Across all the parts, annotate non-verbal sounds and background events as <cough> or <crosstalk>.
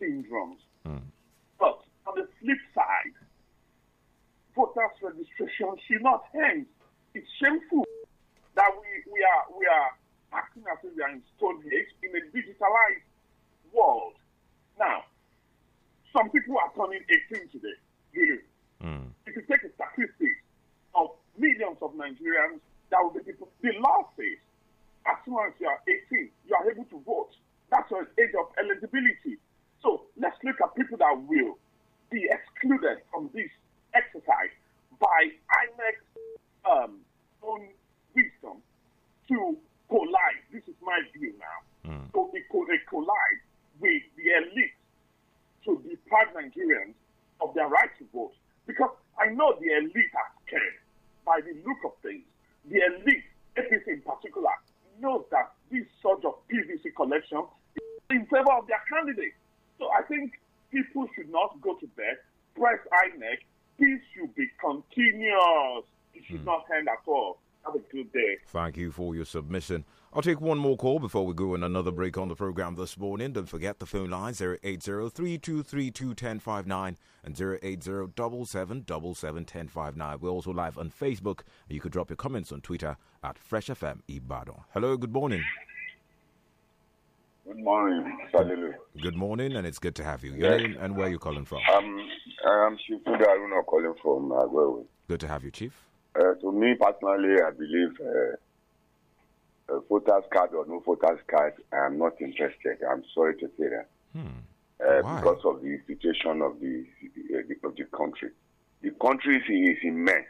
syndromes. Mm. But on the flip side, voters registration should not end. It's shameful that we, we are we are acting as if we are in stone age in a digitalized world. Now, some people are turning 18 today. Really. Mm. If you take the statistics of millions of Nigerians, that will be people. The law says as soon as you are 18, you are able to vote. That's an age of eligibility. So let's look at people that will be excluded from this exercise by IMEC's um, own wisdom to collide. This is my view now. Mm. So they, co- they collide with the elite to deprive Nigerians of their right to vote. Because I know the elite are scared by the look of things. The elite, APC in particular, knows that this sort of PVC collection in favor of their candidate. So I think people should not go to bed, press INEC. This should be continuous. It should mm. not end at all. Have a good day. Thank you for your submission. I'll take one more call before we go in another break on the program this morning. Don't forget the phone lines 80 323 1059 and 080-777-1059. We're also live on Facebook. You could drop your comments on Twitter at Fresh FM Ibadan. Hello, good morning. Good morning, Salilu. Good morning, and it's good to have you. Your yes. name and where you're calling from? Um, I'm Chief Aruna calling from Agwewe. Uh, good to have you, Chief. Uh, to me personally, I believe uh, a photos card or no photos card, I'm not interested. I'm sorry to say that. Hmm. Uh, because of the situation of the, uh, the, of the country. The country is immense.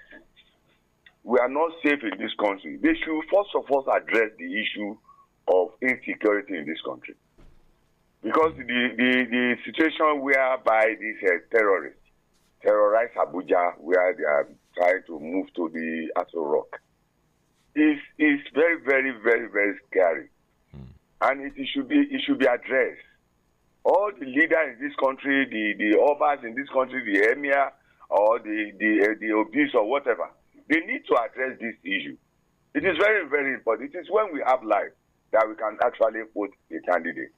We are not safe in this country. They should first of all address the issue of insecurity in this country. Because the, the, the situation whereby these uh, terrorists terrorize Abuja, where they are trying to move to the Aso Rock, is, is very, very, very, very scary. Hmm. And it, it, should be, it should be addressed. All the leaders in this country, the, the obas in this country, the emir, or the, the, uh, the obese or whatever, they need to address this issue. It is very, very important. It is when we have life that we can actually put a candidate.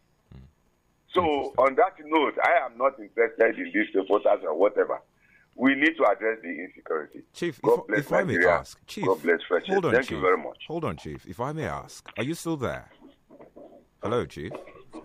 So, on that note, I am not interested in these supporters or whatever. We need to address the insecurity. Chief, God if, if I may ask, Chief, God bless hold on, Thank Chief. you very much. Hold on, Chief. If I may ask, are you still there? Hello, Chief.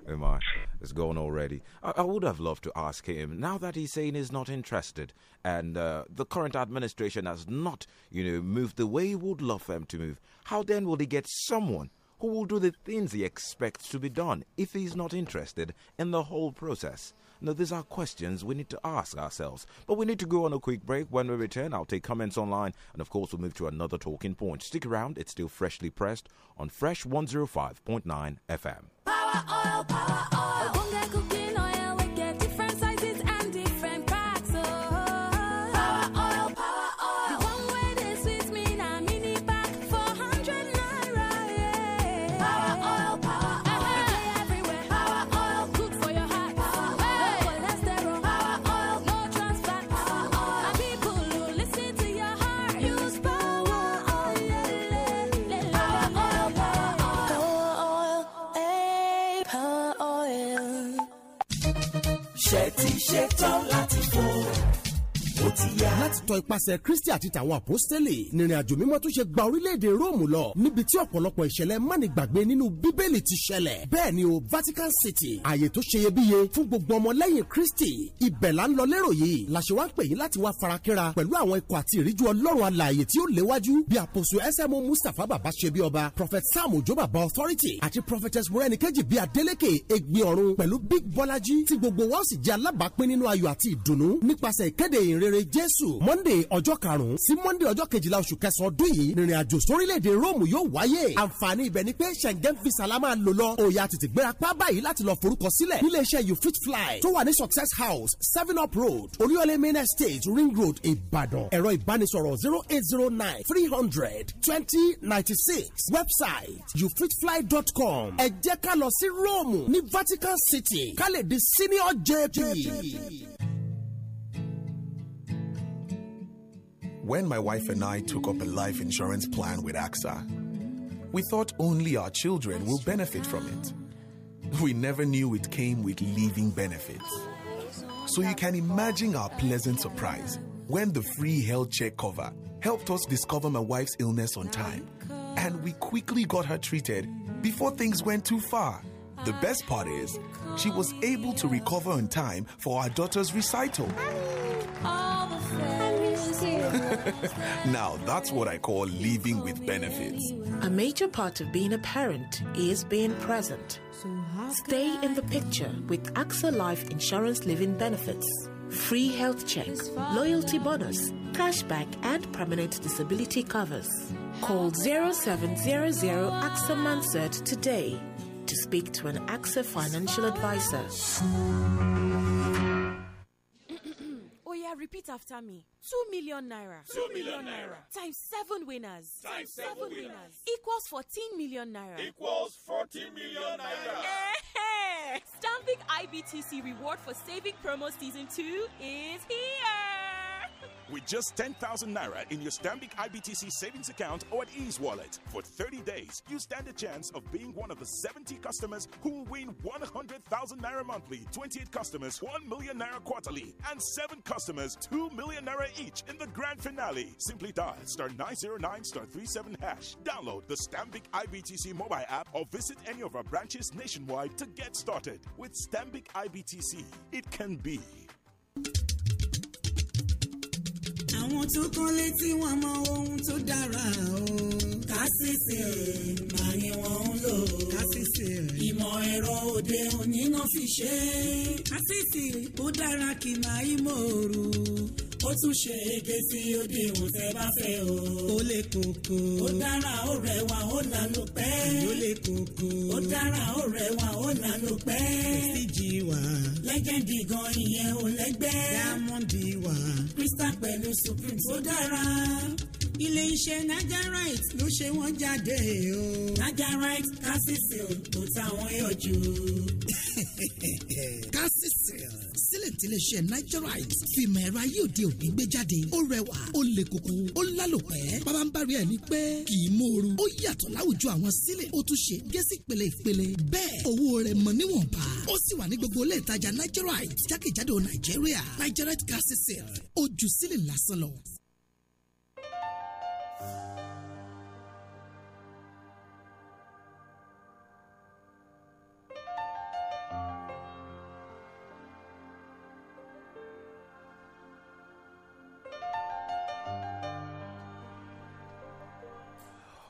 Oh my, it's gone already. I, I, would have loved to ask him now that he's saying he's not interested, and uh, the current administration has not, you know, moved the way he would love them to move. How then will he get someone who will do the things he expects to be done if he is not interested in the whole process? Now, these are questions we need to ask ourselves. But we need to go on a quick break. When we return, I'll take comments online and, of course, we'll move to another talking point. Stick around, it's still freshly pressed on Fresh 105.9 FM. Power oil, power oil. láti tọ ipasẹ̀ kristi àti tàwọn àpọ́sítélì nìrìn àjò mímọ́ tún ṣe gba orílẹ̀-èdè róòmù lọ níbi tí ọ̀pọ̀lọpọ̀ ìṣẹ̀lẹ̀ mánigbàgbé nínú bíbélì ti ṣẹlẹ̀ bẹ́ẹ̀ ni o vatican city ààyè tó ṣeyebíye fún gbogbo ọmọlẹ́yìn kristi ibẹ̀ là ń lọ lérò yìí la ṣe wá ń pè yín láti wá farakínra pẹ̀lú àwọn ikọ̀ àti ìríjú ọlọ́run alààyè tí ó léwájú bí àpòsù smo mustapha bàbá ṣe bí ọba prophet sam ojo bàbá authority àti prophetess morenikeji bí adeleke egbe ọ̀run pẹ̀lú big bọ́lájí tí gbogbo wa ó sì jẹ́ alábàápín nínú ayọ̀ àti ìdùnnú nípasẹ̀ ìkéde ìrere jésù Monday ọjọ́ karùn-ún sí Monday ọjọ́ kejìlá oṣù kẹsàn-án ọdún yìí nìrìn àjò sórílẹ̀-èdè Rome yóò wáyé àǹfààní ibẹ̀ ni pé Schengen visa la máa lò lọ òòyà tètè gbéra pá báyìí láti lọ forúkọ sílẹ̀ níléeṣẹ́ you fit fly tó wà ní Success House Seven Up Road Oríyọ̀lé Main Estate Ring Road Ìbàdàn ẹ̀rọ ìbánisọ̀rọ̀ zero eight zero nine three hundred twenty ninety six website youfitfly.com ẹ jẹ́ ká lọ sí Rome ní Vatican City ká lè di senior JP. JP. When my wife and I took up a life insurance plan with AXA, we thought only our children will benefit from it. We never knew it came with living benefits. So you can imagine our pleasant surprise when the free health check cover helped us discover my wife's illness on time. And we quickly got her treated before things went too far. The best part is, she was able to recover on time for our daughter's recital. <laughs> now, that's what I call living with benefits. A major part of being a parent is being present. Stay in the picture with AXA Life Insurance Living Benefits. Free health check, loyalty bonus, cashback, and permanent disability covers. Call 0700 AXA Mansert today to speak to an AXA financial advisor. Repeat after me. 2 million naira. 2 million naira. Times 7 winners. Times 7, seven winners. winners. Equals 14 million naira. Equals 14 million naira. Hey, Stamping IBTC reward for saving promo season 2 is here with just 10,000 naira in your Stambik IBTC savings account or at Ease Wallet. For 30 days, you stand a chance of being one of the 70 customers who win 100,000 naira monthly, 28 customers 1 million naira quarterly, and 7 customers 2 million naira each in the grand finale. Simply dial star 909 star 37 hash. Download the Stambik IBTC mobile app or visit any of our branches nationwide to get started. With Stambik IBTC, it can be. àwọn tó kán létí wọn mọ ohun tó dára o. kásìsì máa ni wọ́n ń lò. kásìsì ìmọ̀ ẹ̀rọ òde òní náà fi ṣe é. kásìsì ó dára kì máa í mòrú ó tún ṣe ege tí ó di ìwòsàn bá fẹ́ o. ó lè kókó. ó dára ó rẹwà ó lànà pẹ́. ó lè kókó. ó dára ó rẹwà ó lànà pẹ́. prestige wà. lẹ́gẹ̀dì gan ìyẹn ò lẹ́gbẹ́. diamond wà. crystal pẹ̀lú supreme ó dára ilé iṣẹ́ nigerite ló ṣe wọ́n jáde o. nigerite calcicil tó táwọn yọ jù. calcicil <laughs> sílẹ̀ tílé iṣẹ́ nigerite fìmọ̀ ẹ̀rọ ayé òde òní gbé jáde ó rẹwà ó lè koko ó lálòpẹ́ bàbá ń bari ẹ̀ ní pẹ́ kì í mòoru ó yàtọ̀ láwùjọ àwọn sílẹ̀ ó tún ṣe gẹ́sì pèlè ìpèlè bẹ́ẹ̀ owó rẹ̀ mọ̀ níwọ̀nba ó sì wà ní gbogbo ilé ìtajà nigerite jákèjádò nàìjíríà nigerite calcicil ojú sílẹ̀ lásán lọ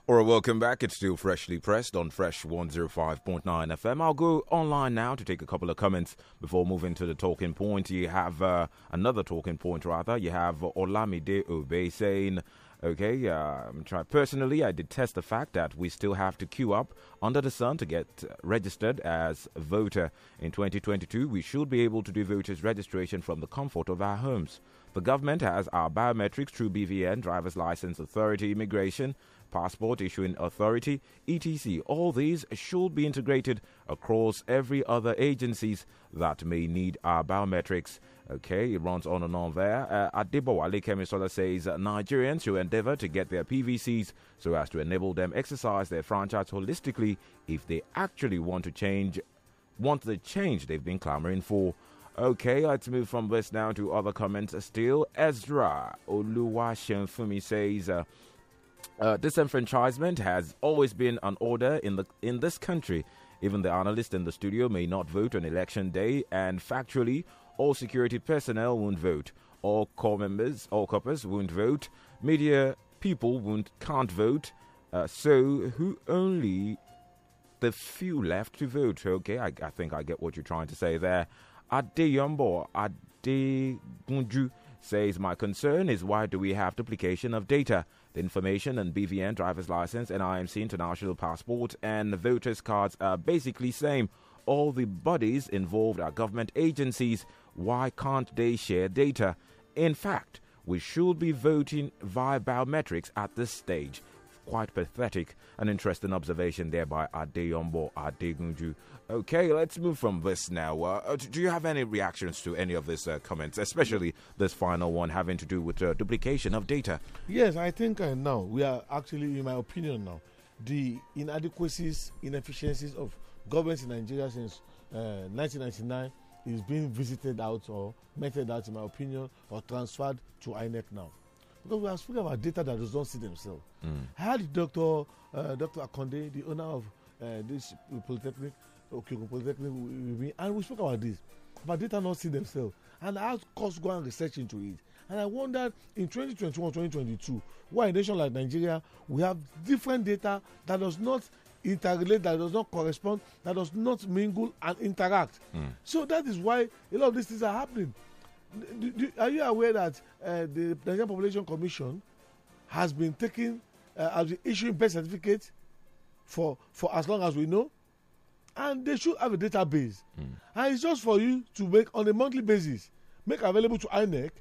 Or right, welcome back. It's still freshly pressed on Fresh 105.9 FM. I'll go online now to take a couple of comments before moving to the talking point. You have uh, another talking point, rather. You have Olamide Obe saying, Okay, um, try. personally, I detest the fact that we still have to queue up under the sun to get registered as voter. In 2022, we should be able to do voters' registration from the comfort of our homes. The government has our biometrics through BVN, driver's license authority, immigration, passport issuing authority, etc. All these should be integrated across every other agencies that may need our biometrics. Okay, it runs on and on there. Uh, Adibowale Kemisola says Nigerians should endeavor to get their PVCs so as to enable them exercise their franchise holistically if they actually want to change, want the change they've been clamoring for. Okay, let's move from this now to other comments. Still, Ezra Oluwa Shenfumi says. Uh, uh, disenfranchisement has always been an order in the in this country. Even the analyst in the studio may not vote on election day, and factually, all security personnel won't vote. All core members, all coppers won't vote. Media people won't can't vote. Uh, so who only the few left to vote? Okay, I, I think I get what you're trying to say there. Adi Adegunju says my concern is why do we have duplication of data? The information and BVN driver's license and IMC international passport and voters cards are basically same. All the bodies involved are government agencies. Why can't they share data? In fact, we should be voting via biometrics at this stage quite pathetic. An interesting observation there by Adeyombo Adegunju. Okay, let's move from this now. Uh, uh do you have any reactions to any of these uh, comments, especially this final one having to do with uh, duplication of data? Yes, I think uh, now we are actually, in my opinion, now the inadequacies, inefficiencies of governments in Nigeria since 1999 uh, is being visited out or meted out, in my opinion, or transferred to INEC now because we are speaking about data that does not see themselves. Mm. I had Dr. Uh, Dr. Akonde, the owner of uh, this polytechnic, Okyogo Polytechnic, with me, and we spoke about this, But data not see themselves. And I asked course go and research into it. And I wondered in 2021, 2022, why a nation like Nigeria, we have different data that does not interrelate, that does not correspond, that does not mingle and interact. Mm. So that is why a lot of these things are happening do, do, are you aware that uh, the Nigerian Population Commission has been taking, uh, issuing birth certificates for, for as long as we know? And they should have a database. Mm. And it's just for you to make, on a monthly basis, make available to INEC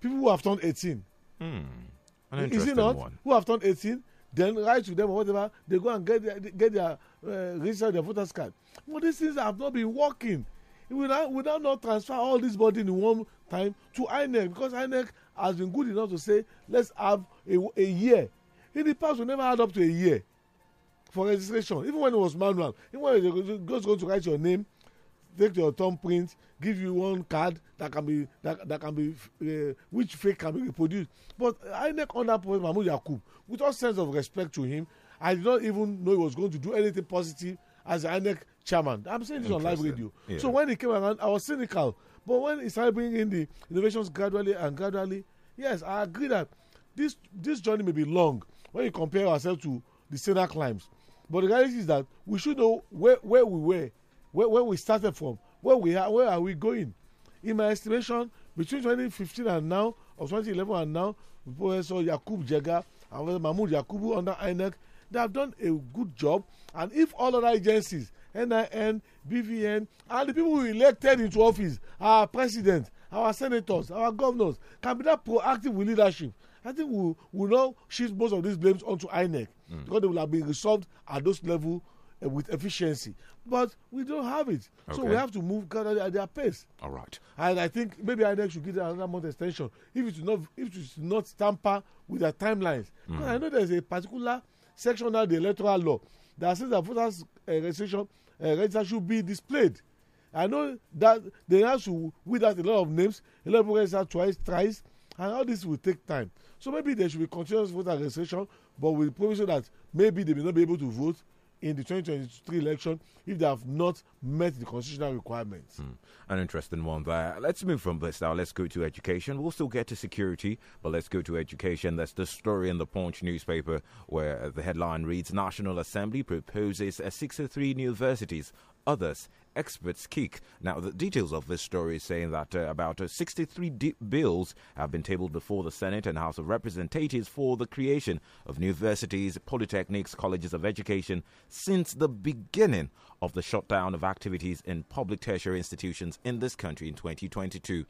people who have turned 18. Mm. Is it not? One. Who have turned 18, then write to them or whatever, they go and get their, get their uh, register, their voter's card. But these things have not been working will now will now not transfer all this burden in one time to inec because inec has been good enough to say let's have a a year in the past we never add up to a year for registration even when it was manual even when they just go to write your name take your thumbprint give you one card that can be that, that can be uh, which fake can be reproduced but inec under president mahmoud yakub with all sense of respect to him i did not even know he was going to do anything positive as the INEC chairman. I'm saying this on live radio. Yeah. So when he came around, I was cynical. But when he started bringing in the innovations gradually and gradually, yes, I agree that this this journey may be long when you compare ourselves to the senior climbs. But the reality is that we should know where, where we were, where, where we started from, where we are, where are we going. In my estimation, between 2015 and now, or 2011 and now, Professor Yakub Jega and Mahmoud Yakubu under INEC They have done a good job. And if all other agencies, NIN, BVN, and the people we elected into office, our president, our senators, our governors, can be that proactive with leadership, I think we will not shift most of these blames onto INEC mm. because they will have been resolved at those level uh, with efficiency. But we don't have it. Okay. So we have to move at their pace. All right. And I think maybe INEC should give another month extension if it's not, if it's not tamper with their timelines. Mm. I know there's a particular section of the electoral law that says that voters uh, eh, registration uh, eh, register should be displayed i know that they have to weed out a lot of names a lot of people register twice thrice and all this will take time so maybe there should be continuous voter registration but with provision that maybe they may not be able to vote in the 2023 election if they have not met the constitutional requirements. Mm, an interesting one there. Let's move from this now. Let's go to education. We'll still get to security, but let's go to education. That's the story in the Punch newspaper where the headline reads National Assembly proposes 63 universities, others experts kick. Now, the details of this story saying that uh, about uh, 63 bills have been tabled before the Senate and House of Representatives for the creation of universities, polytechnics, colleges of education since the beginning of the shutdown of activities in public tertiary institutions in this country in 2022.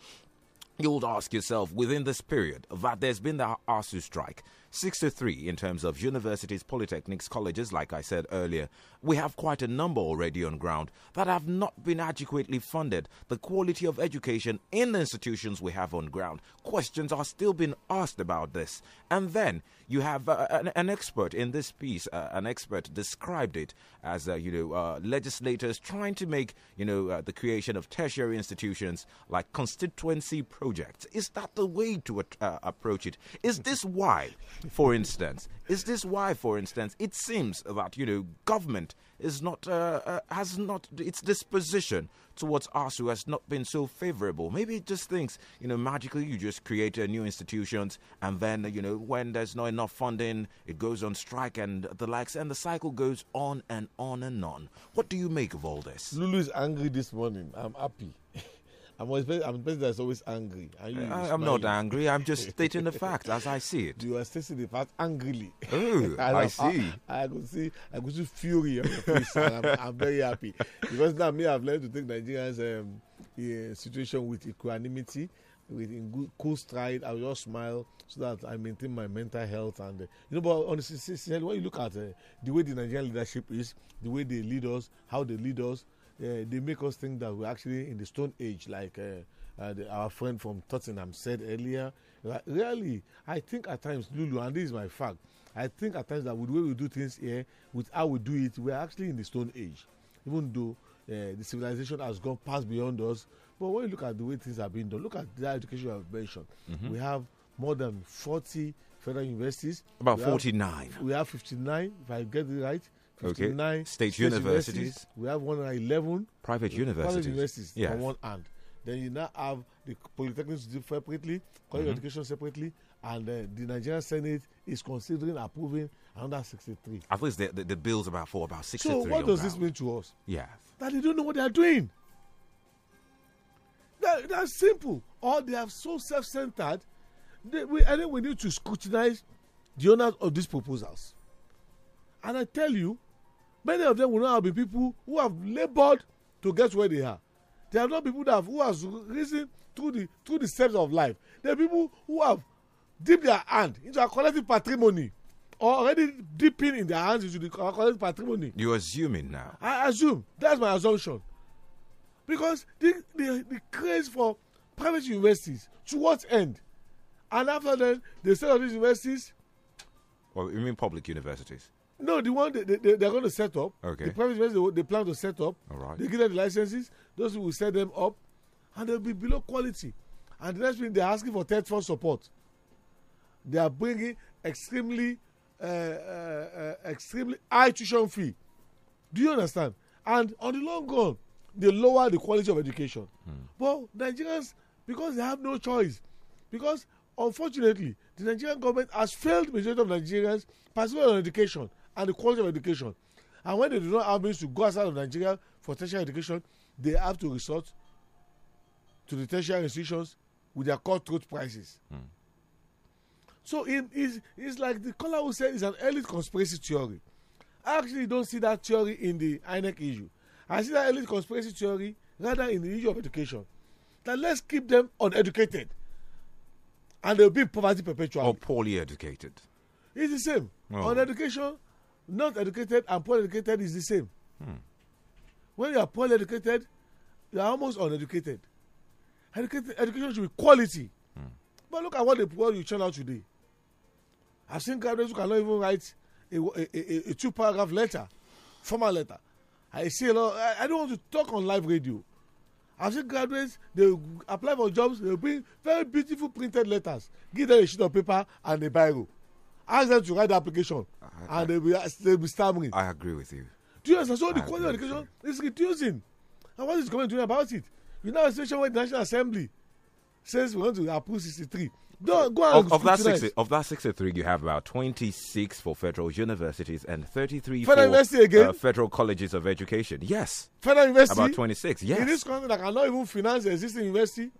You would ask yourself within this period that there's been the ASU strike, 6 to 3 in terms of universities, polytechnics, colleges, like I said earlier. We have quite a number already on ground that have not been adequately funded. The quality of education in the institutions we have on ground, questions are still being asked about this. And then you have uh, an, an, expert in this piece, uh, an expert described it as, uh, you know, uh, legislators trying to make, you know, uh, the creation of tertiary institutions like constituency projects. Is that the way to uh, approach it? Is this why for instance. Is this why, for instance, it seems that you know government is not uh, uh, has not its disposition towards ASU has not been so favorable? Maybe it just thinks you know magically you just create new institutions and then you know when there's not enough funding, it goes on strike and the likes, and the cycle goes on and on and on. What do you make of all this? Lulu is angry this morning. I'm happy. I'm always I'm the person that's always angry. Uh, I, am not angry. I'm just <laughs> stating the fact as I see it. You are stating the fact angrily. Oh, <laughs> I, I, see. I, I could see. I could see fury on your face, and I'm, I'm, very happy because now me, I've learned to take Nigerians' um, yeah, situation with equanimity with in good, cool stride. I will just smile so that I maintain my mental health. And uh, you know, but honestly, when you look at uh, the way the Nigerian leadership is, the way they lead us, how they lead us, uh, they make us think that we're actually in the Stone Age, like uh, uh the, our friend from Tottenham said earlier. Like, really, I think at times, Lulu, and this is my fact, I think at times that with the way we do things here, with how we do it, we're actually in the Stone Age, even though uh, the civilization has gone past beyond us. But when you look at the way things are being done, look at the education you have mentioned. Mm -hmm. We have more than 40 federal universities. About we 49. Have, we have 59, if I get it right okay. state, state universities. universities. We have one at 11 private universities. Private universities yes. on one hand. Then you now have the polytechnics separately, college mm -hmm. education separately, and uh, the Nigerian Senate is considering approving under 63. At least the, the, the bill's about four, about 63. So what does this mean to us? Yeah. That they don't know what they are doing. That, that's simple. Or they are so self-centered. We, I think we need to scrutinize the owners of these proposals. And I tell you, many of them will now be people who have labored to get where they are they are not people that have, who has risen through the through the steps of life they are people who have dipped their hand into a collective patrimony or already dipping in their hands into the collective patrimony. you assuming now. i assume that's my assumption because the the the craze for private universities to what end and after then, the state of these universities. well you mean public universities. No, the one they, they, they are going to set up. Okay. The private investors they, they plan to set up. All right. They give them the licenses. Those will set them up, and they'll be below quality. And the next thing they're asking for third fund support. They are bringing extremely, uh, uh, uh, extremely high tuition fee. Do you understand? And on the long run, they lower the quality of education. Hmm. But Nigerians, because they have no choice, because unfortunately, the Nigerian government has failed majority of Nigerians, particularly on education and the quality of education and when they do not have means to go outside of nigeria for tertiary education they have to resort to the tertiary institutions with their cutthroat prices. Mm. So it is it's like the caller who said is an elite conspiracy theory. I actually don't see that theory in the INEC issue. I see that elite conspiracy theory rather in the issue of education. That let's keep them uneducated. And they'll be poverty perpetual. Or poorly educated. It's the same. Oh. On education not educated and poor educated is the same. Hmm. When you are poor educated, you are almost uneducated. Educated, education should be quality. Hmm. But look at what the poor you churn out today. I've seen graduates who cannot even write a, a, a, a two paragraph letter, formal letter. I see a lot. I, I don't want to talk on live radio. I've seen graduates, they apply for jobs, they bring very beautiful printed letters, give them a sheet of paper and a biro. ask them to write the application I, and they'll be, they be stammering. I agree with you. Do you understand? So I the quality of education is reducing. And what is government doing about it? You know, especially when the National Assembly says we want to approve 63. Don't go of, of that 60, of that 63, you have about 26 for federal universities and 33 federal for university again? Uh, federal colleges of education. Yes. Federal university? About 26, yes. In this country, I cannot even finance the existing university.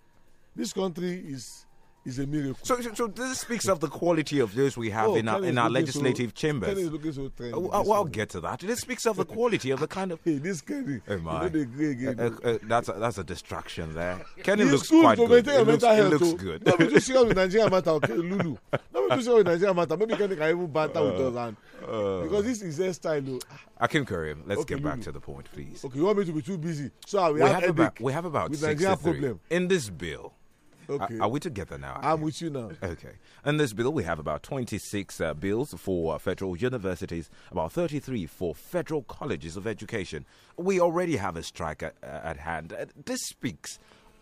This country is is a miracle. So, so, so, this speaks of the quality of those we have oh, in our in our legislative so, chambers. So trendy, oh, oh, I'll, I'll get to that. It speaks of the <laughs> quality of the kind of. Hey, this Kenny. Oh my! You know uh, uh, uh, that's a, that's a distraction there. Kenny looks quite good. It looks, it looks good. Oh. Nigeria matter, <laughs> okay, Lulu. Nigeria matter. Maybe Kenny can even banter with uh, us and uh. because this is their style. Though. Akim Karim, let's okay, get back Lulu. to the point, please. Okay, you want me to be too busy? So we, we have, have about, we have about six Nigeria problem in this bill Okay. Are, are we together now? I'm with you now. Okay. In this bill, we have about 26 uh, bills for federal universities, about 33 for federal colleges of education. We already have a strike at, uh, at hand. Uh, this speaks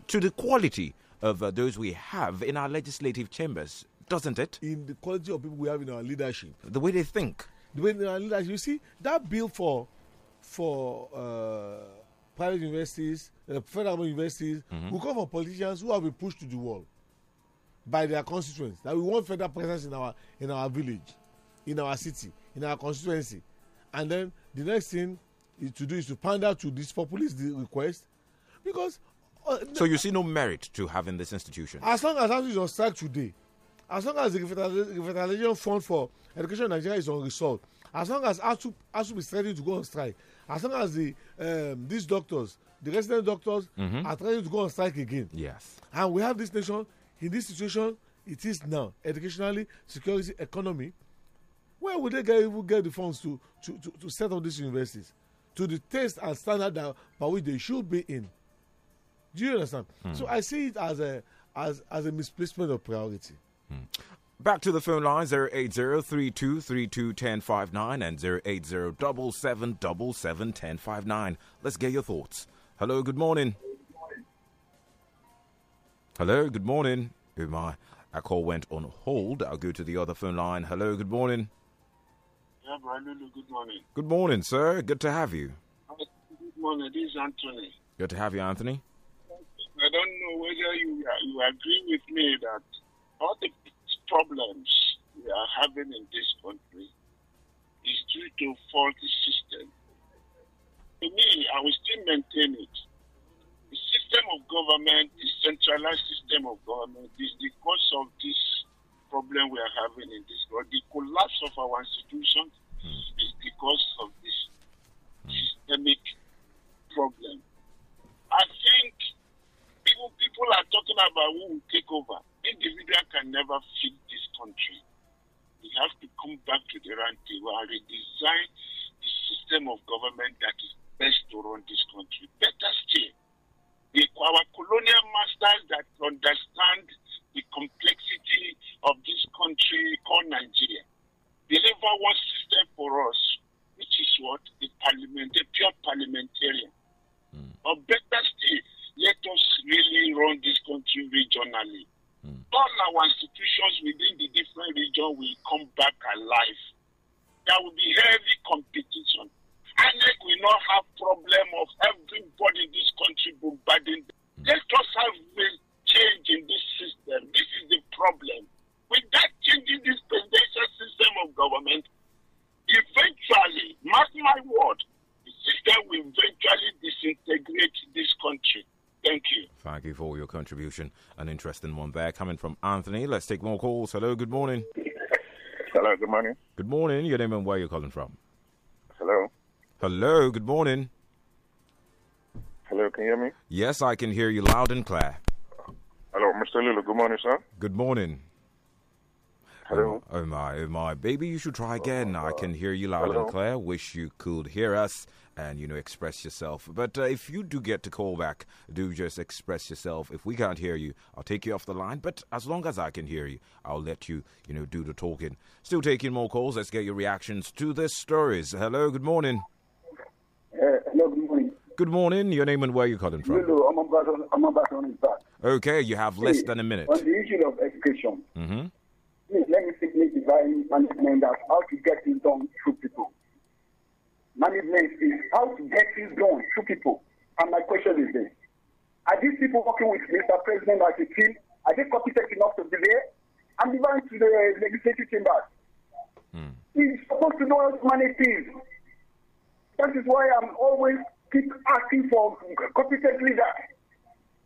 to the quality of uh, those we have in our legislative chambers, doesn't it? In the quality of people we have in our leadership, the way they think, the way they, our You see that bill for for. Uh, private universities, uh, federal universities, mm -hmm. will come from politicians who have been pushed to the wall by their constituents that we want federal presence in our in our village, in our city, in our constituency, and then the next thing to do is to pander to this populist request, because. Uh, so you see no merit to having this institution. As long as that is on strike today, as long as the revitalization fund for education in Nigeria is on result, as long as ASUP, ASUP is ready to go on strike, as long as the um, these doctors, the resident doctors, mm -hmm. are trying to go on strike again. Yes. And we have this nation in this situation it is now, educationally, security, economy. Where would they get, even get the funds to, to, to, to set up these universities to the taste and standard that, by which they should be in? Do you understand? Mm. So I see it as a as as a misplacement of priority. Mm. Back to the phone line 080-3232-1059 and 080-777-1059. Let's get your thoughts. Hello, good morning. Hello, good morning. Oh my, call went on hold. I'll go to the other phone line. Hello, good morning. Yeah, Lulu, good morning. Good morning, sir. Good to have you. Good morning. This is Anthony. Good to have you, Anthony. I don't know whether you, you agree with me that all the problems we are having in this country is due to faulty system. To me, I will still maintain it. The system of government, the centralized system of government, is the cause of this problem we are having in this country. The collapse of our institutions hmm. is because of this hmm. systemic problem. I think people people are talking about who will take over individual can never feed this country. We have to come back to the round table and redesign the system of government that is best to run this country. Better still, the, our colonial masters that understand the complexity of this country called Nigeria deliver one system for us, which is what the parliament, the pure parliamentarian. Mm. Or better still, let us really run this country regionally. Mm. All our institutions within the different region will come back alive. There will be heavy competition. we will not have problem of everybody in this country bombarding. Mm. Let us have a change in this system. This is the problem. Without changing this presidential system of government, eventually, mark my word, the system will eventually disintegrate this country. Thank you. Thank you for your contribution. An interesting one there coming from Anthony. Let's take more calls. Hello, good morning. Hello, good morning. Good morning. Your name and where you're calling from? Hello. Hello, good morning. Hello, can you hear me? Yes, I can hear you loud and clear. Hello, Mr. Lulu. Good morning, sir. Good morning. Hello. Oh, my, oh my. Baby, you should try oh, again. Uh, I can hear you loud hello? and clear. Wish you could hear us and, you know, express yourself. But uh, if you do get to call back, do just express yourself. If we can't hear you, I'll take you off the line. But as long as I can hear you, I'll let you, you know, do the talking. Still taking more calls. Let's get your reactions to this stories. Hello, good morning. Uh, good morning. Good morning. Your name and where you calling from? Hello, I'm about, I'm about on his back. Okay, you have less than a minute. On the issue of education. Mm-hmm let me simply define management as how to get things done through people. Management is how to get things done through people. And my question is this Are these people working with Mr. President as a team? Are they competent enough to be there? I'm divine to the uh, legislative chambers. Mm. He's supposed to know how to manage things. That is why I'm always keep asking for competent leaders.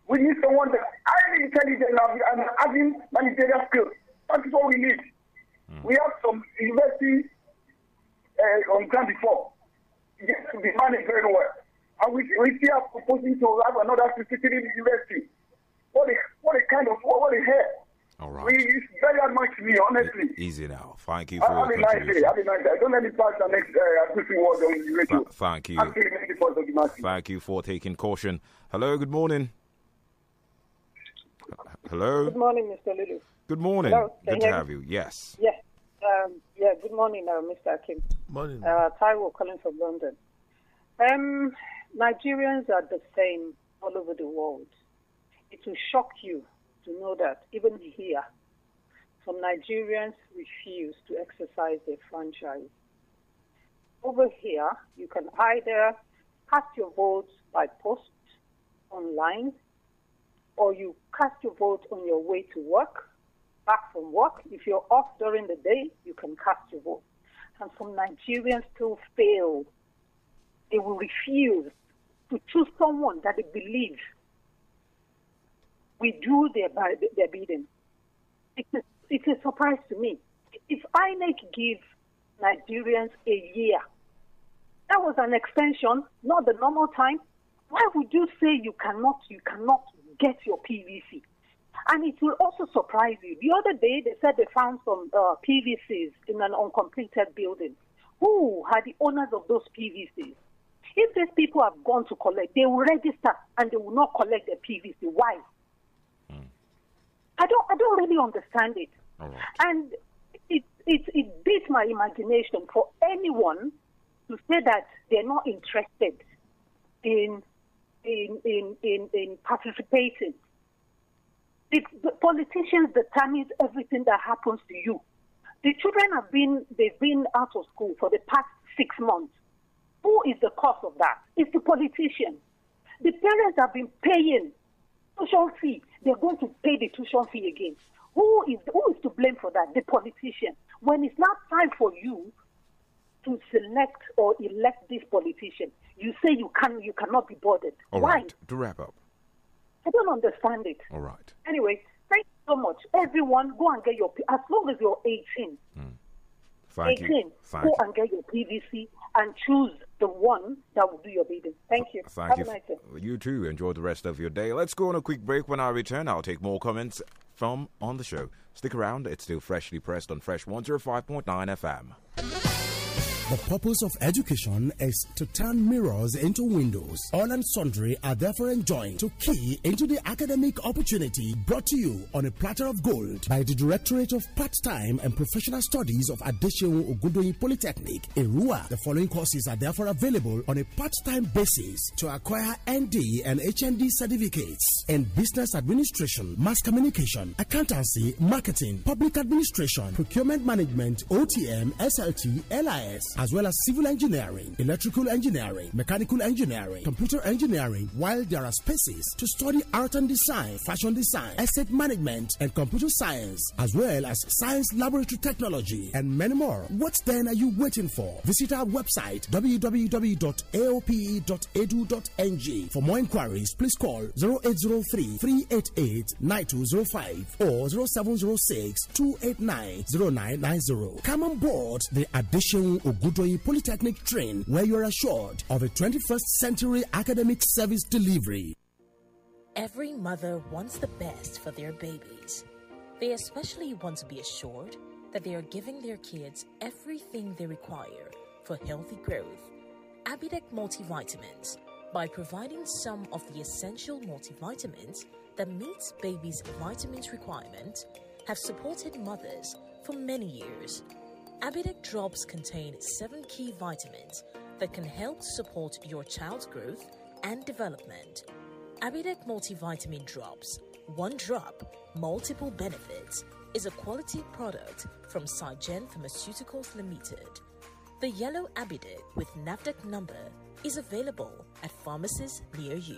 We need someone that highly intelligent and having managerial skills. That is what we need. Mm. We have some university uh, on time before. Yes, to be managed very well. And we, we see are proposing to have another 53 university. What a, what a kind of, what, what a hell. All right. We, it's very much me, honestly. Easy now. Thank you for I, your have contribution. Nice day. Have a nice day. Don't let me pass the next uh, accusing word on the radio. Th- thank you. Actually, thank you for taking caution. Hello, good morning. Hello. Good morning, Mr. Lulu. Good morning. Hello, Good to have you. Yes. Yeah. Um, yeah, good morning, uh, Mr. Akim. Morning. Uh, Taiwo calling from London. Um, Nigerians are the same all over the world. It will shock you to know that even here, some Nigerians refuse to exercise their franchise. Over here, you can either cast your vote by post online, or you cast your vote on your way to work, back from work. If you're off during the day, you can cast your vote. And some Nigerians still fail. They will refuse to choose someone that they believe will do their, their bidding. It is, it is a surprise to me. If INEC gives Nigerians a year, that was an extension, not the normal time. Why would you say you cannot, you cannot get your PVC? And it will also surprise you. The other day, they said they found some uh, PVCs in an uncompleted building. Who are the owners of those PVCs? If these people have gone to collect, they will register and they will not collect the PVC. Why? Mm. I don't. I don't really understand it. Right. And it, it it beats my imagination for anyone to say that they're not interested in in in in, in participating the, the politicians determine everything that happens to you. The children have been they've been out of school for the past six months. Who is the cause of that? It's the politician. The parents have been paying tuition fee. They're going to pay the tuition fee again. Who is who is to blame for that? The politician. When it's not time for you to select or elect this politician, you say you can you cannot be bothered. All Why? Right, to wrap up. I don't understand it. All right. Anyway, thank you so much. Everyone, go and get your, as long as you're 18, mm. Thank 18, you. Thank go you. and get your PVC and choose the one that will do your baby. Thank you. Thank Have you. A nice day. You too. Enjoy the rest of your day. Let's go on a quick break. When I return, I'll take more comments from on the show. Stick around. It's still freshly pressed on Fresh 105.9 FM. The purpose of education is to turn mirrors into windows. All and sundry are therefore enjoined to key into the academic opportunity brought to you on a platter of gold by the Directorate of Part-Time and Professional Studies of Adeshewu Ogundoyin Polytechnic, Irua. The following courses are therefore available on a part-time basis to acquire ND and HND certificates in Business Administration, Mass Communication, Accountancy, Marketing, Public Administration, Procurement Management, OTM, SLT, LIS as well as civil engineering, electrical engineering, mechanical engineering, computer engineering, while there are spaces to study art and design, fashion design, asset management, and computer science, as well as science laboratory technology, and many more. What then are you waiting for? Visit our website www.aope.edu.ng. For more inquiries, please call 0803 388 9205 or 0706 289 0990. Come on board the addition of Ogudoyi Polytechnic train where you are assured of a 21st century academic service delivery. Every mother wants the best for their babies. They especially want to be assured that they are giving their kids everything they require for healthy growth. Abidec multivitamins by providing some of the essential multivitamins that meets babies' vitamins requirement have supported mothers for many years Abidec drops contain seven key vitamins that can help support your child's growth and development. Abidec multivitamin drops, one drop, multiple benefits, is a quality product from Sygen Pharmaceuticals Limited. The yellow Abidec with NAVDEC number is available at pharmacies near you.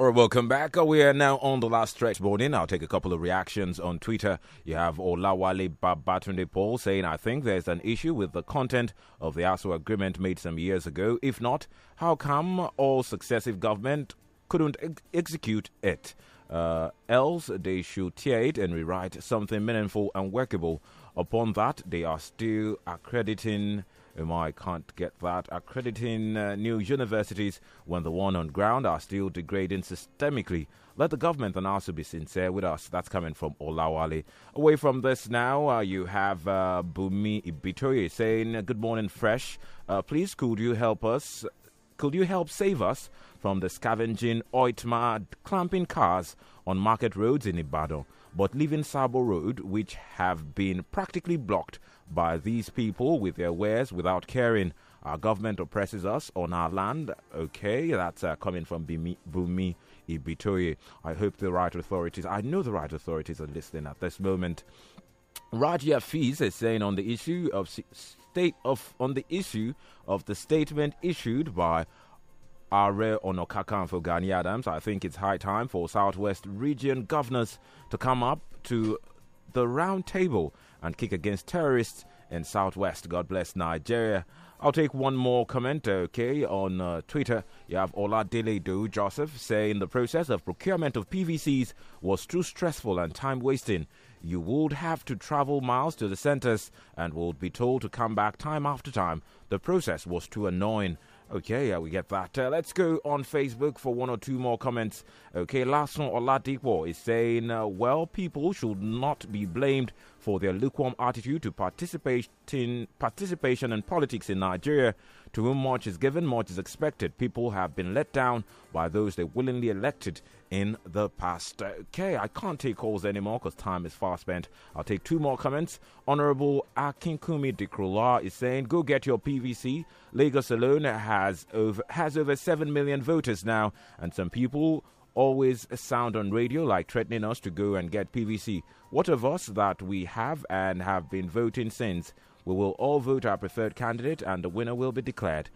All right, welcome back. Uh, we are now on the last stretch boarding. I'll take a couple of reactions on Twitter. You have Olawale Babatunde Paul saying, I think there's an issue with the content of the ASO agreement made some years ago. If not, how come all successive government couldn't ex- execute it? Uh, else, they should tear it and rewrite something meaningful and workable. Upon that, they are still accrediting um, I can't get that. Accrediting uh, new universities when the one on ground are still degrading systemically. Let the government and also be sincere with us. That's coming from Olawale. Away from this now, uh, you have uh, Bumi Ibitoye saying, Good morning, Fresh. Uh, please, could you help us? Could you help save us from the scavenging, oitma, clamping cars on market roads in Ibadan? but leaving Sabo Road, which have been practically blocked by these people with their wares without caring. Our government oppresses us on our land. Okay, that's uh, coming from Bumi, Bumi Ibitoye. I hope the right authorities, I know the right authorities are listening at this moment. Raja Fees is saying on the issue of state of on the issue of the statement issued by Are Onokakan for Gani Adams. I think it's high time for Southwest Region governors to come up to the round table and kick against terrorists in Southwest. God bless Nigeria. I'll take one more comment, okay, on uh, Twitter. You have Oladele Do Joseph saying the process of procurement of PVCs was too stressful and time wasting. You would have to travel miles to the centers and would be told to come back time after time. The process was too annoying. Okay, yeah, we get that. Uh, let's go on Facebook for one or two more comments. Okay, last one, Oladipo is saying, uh, well, people should not be blamed for their lukewarm attitude to participation, participation in politics in Nigeria. To whom much is given, much is expected. People have been let down by those they willingly elected in the past. Okay, I can't take calls anymore because time is far spent. I'll take two more comments. Honorable Akinkumi Dikrula is saying, "Go get your PVC. Lagos alone has over has over seven million voters now, and some people." Always sound on radio like threatening us to go and get PVC. What of us that we have and have been voting since? We will all vote our preferred candidate and the winner will be declared.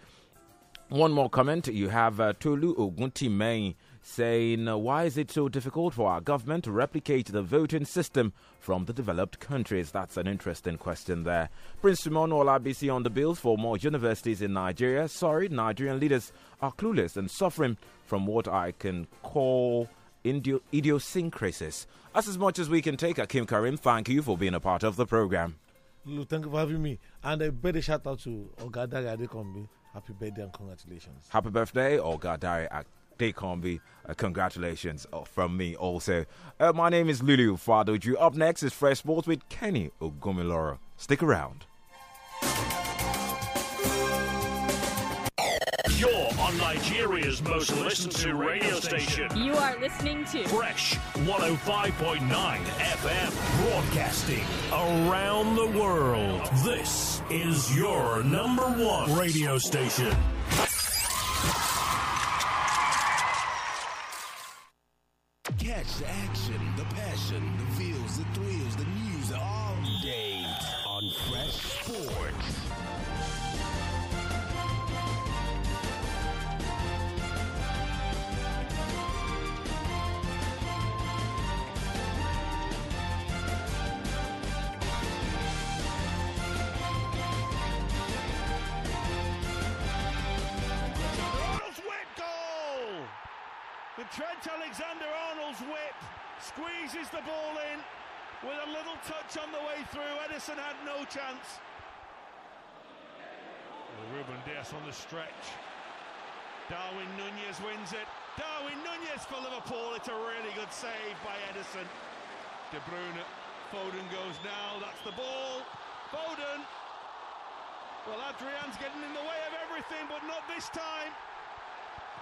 One more comment you have uh, Tolu Oguntimei saying, Why is it so difficult for our government to replicate the voting system from the developed countries? That's an interesting question there. Prince Simon Olabisi on the bills for more universities in Nigeria. Sorry, Nigerian leaders are clueless and suffering from what I can call idiosyncrasies. That's as much as we can take. Akim Karim, thank you for being a part of the program. thank you for having me. And a big shout out to Ogadari Adekombi. Happy birthday and congratulations. Happy birthday, Ogadari Adekombi. Dekombi. Uh, congratulations uh, from me also. Uh, my name is Lulu Fadoju. Up next is Fresh Sports with Kenny Ogumiloro. Stick around. You're on Nigeria's most listened to radio station. You are listening to Fresh 105.9 FM, broadcasting around the world. This is your number one radio station. Zach touch on the way through. Edison had no chance. Well, Ruben Diaz on the stretch. Darwin Nunez wins it. Darwin Nunez for Liverpool. It's a really good save by Edison. De Bruyne. Foden goes now. That's the ball. Foden. Well, Adrian's getting in the way of everything, but not this time.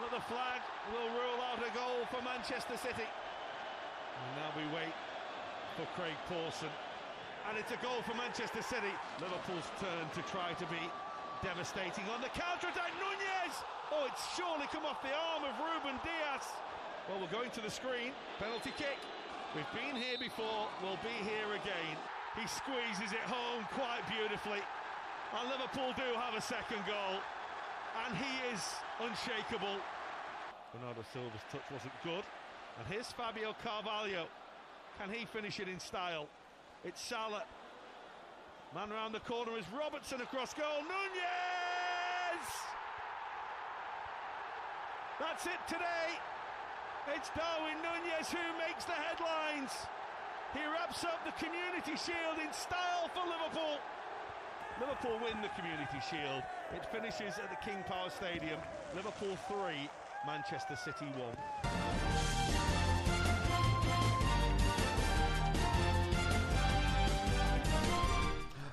But the flag will rule out a goal for Manchester City. And now we wait for Craig Pawson. And it's a goal for Manchester City. Liverpool's turn to try to be devastating on the counter-attack. Nunez! Oh, it's surely come off the arm of Ruben Diaz. Well, we're going to the screen. Penalty kick. We've been here before, we'll be here again. He squeezes it home quite beautifully. And Liverpool do have a second goal. And he is unshakable. Bernardo Silva's touch wasn't good. And here's Fabio Carvalho. Can he finish it in style? It's Salah. Man round the corner is Robertson across goal. Nunez! That's it today. It's Darwin Nunez who makes the headlines. He wraps up the Community Shield in style for Liverpool. Liverpool win the Community Shield. It finishes at the King Power Stadium. Liverpool 3, Manchester City 1.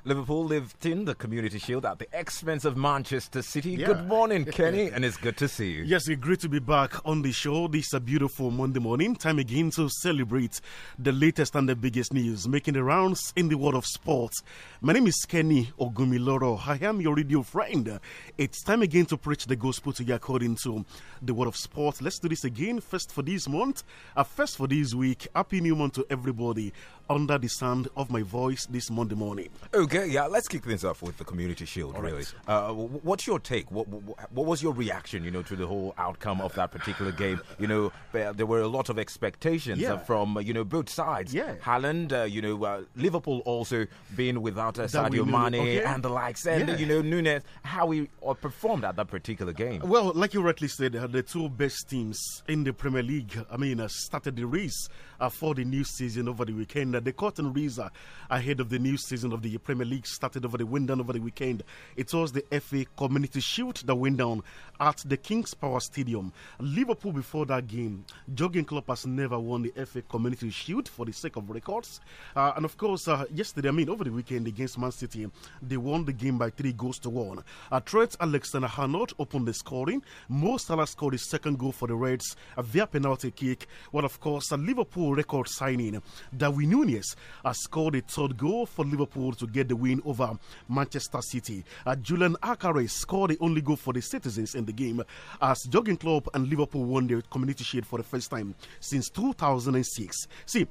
Liverpool lived in the Community Shield at the expense of Manchester City. Yeah. Good morning, <laughs> Kenny, and it's good to see you. Yes, it's great to be back on the show. This is a beautiful Monday morning. Time again to celebrate the latest and the biggest news making the rounds in the world of sports. My name is Kenny Ogumiloro. I am your radio friend. It's time again to preach the gospel to you according to the world of sports. Let's do this again. First for this month, uh, first for this week. Happy new month to everybody under the sound of my voice this Monday morning. Okay, yeah, let's kick things off with the Community Shield, All really. Right. Uh, what's your take? What, what, what, was your reaction, you know, to the whole outcome of that particular game? You know, there were a lot of expectations uh, yeah. from, you know, both sides. Yeah. Haaland, uh, you know, uh, Liverpool also being without uh, Sadio Mane okay. and the likes. And, yeah. you know, Nunes, how we uh, performed at that particular game. Well, like you rightly said, the two best teams in the Premier League, I mean, started the race uh, for the new season over the weekend. Uh, the curtain raiser ahead of the new season of the Premier League started over the over the weekend. It was the FA Community Shield that went down at the King's Power Stadium. Liverpool, before that game, Jurgen Klopp has never won the FA Community Shield for the sake of records. Uh, and of course, uh, yesterday, I mean, over the weekend against Man City, they won the game by three goals to one. Uh, Trent alexander Hanot opened the scoring. Mo Salah scored his second goal for the Reds via penalty kick. Well, of course, uh, Liverpool Liverpool record signing Darwin Nunes has scored a third goal for Liverpool to get the win over Manchester City. Uh, Julian Akare scored the only goal for the citizens in the game as Jogging Club and Liverpool won their Community Shield for the first time since 2006. See,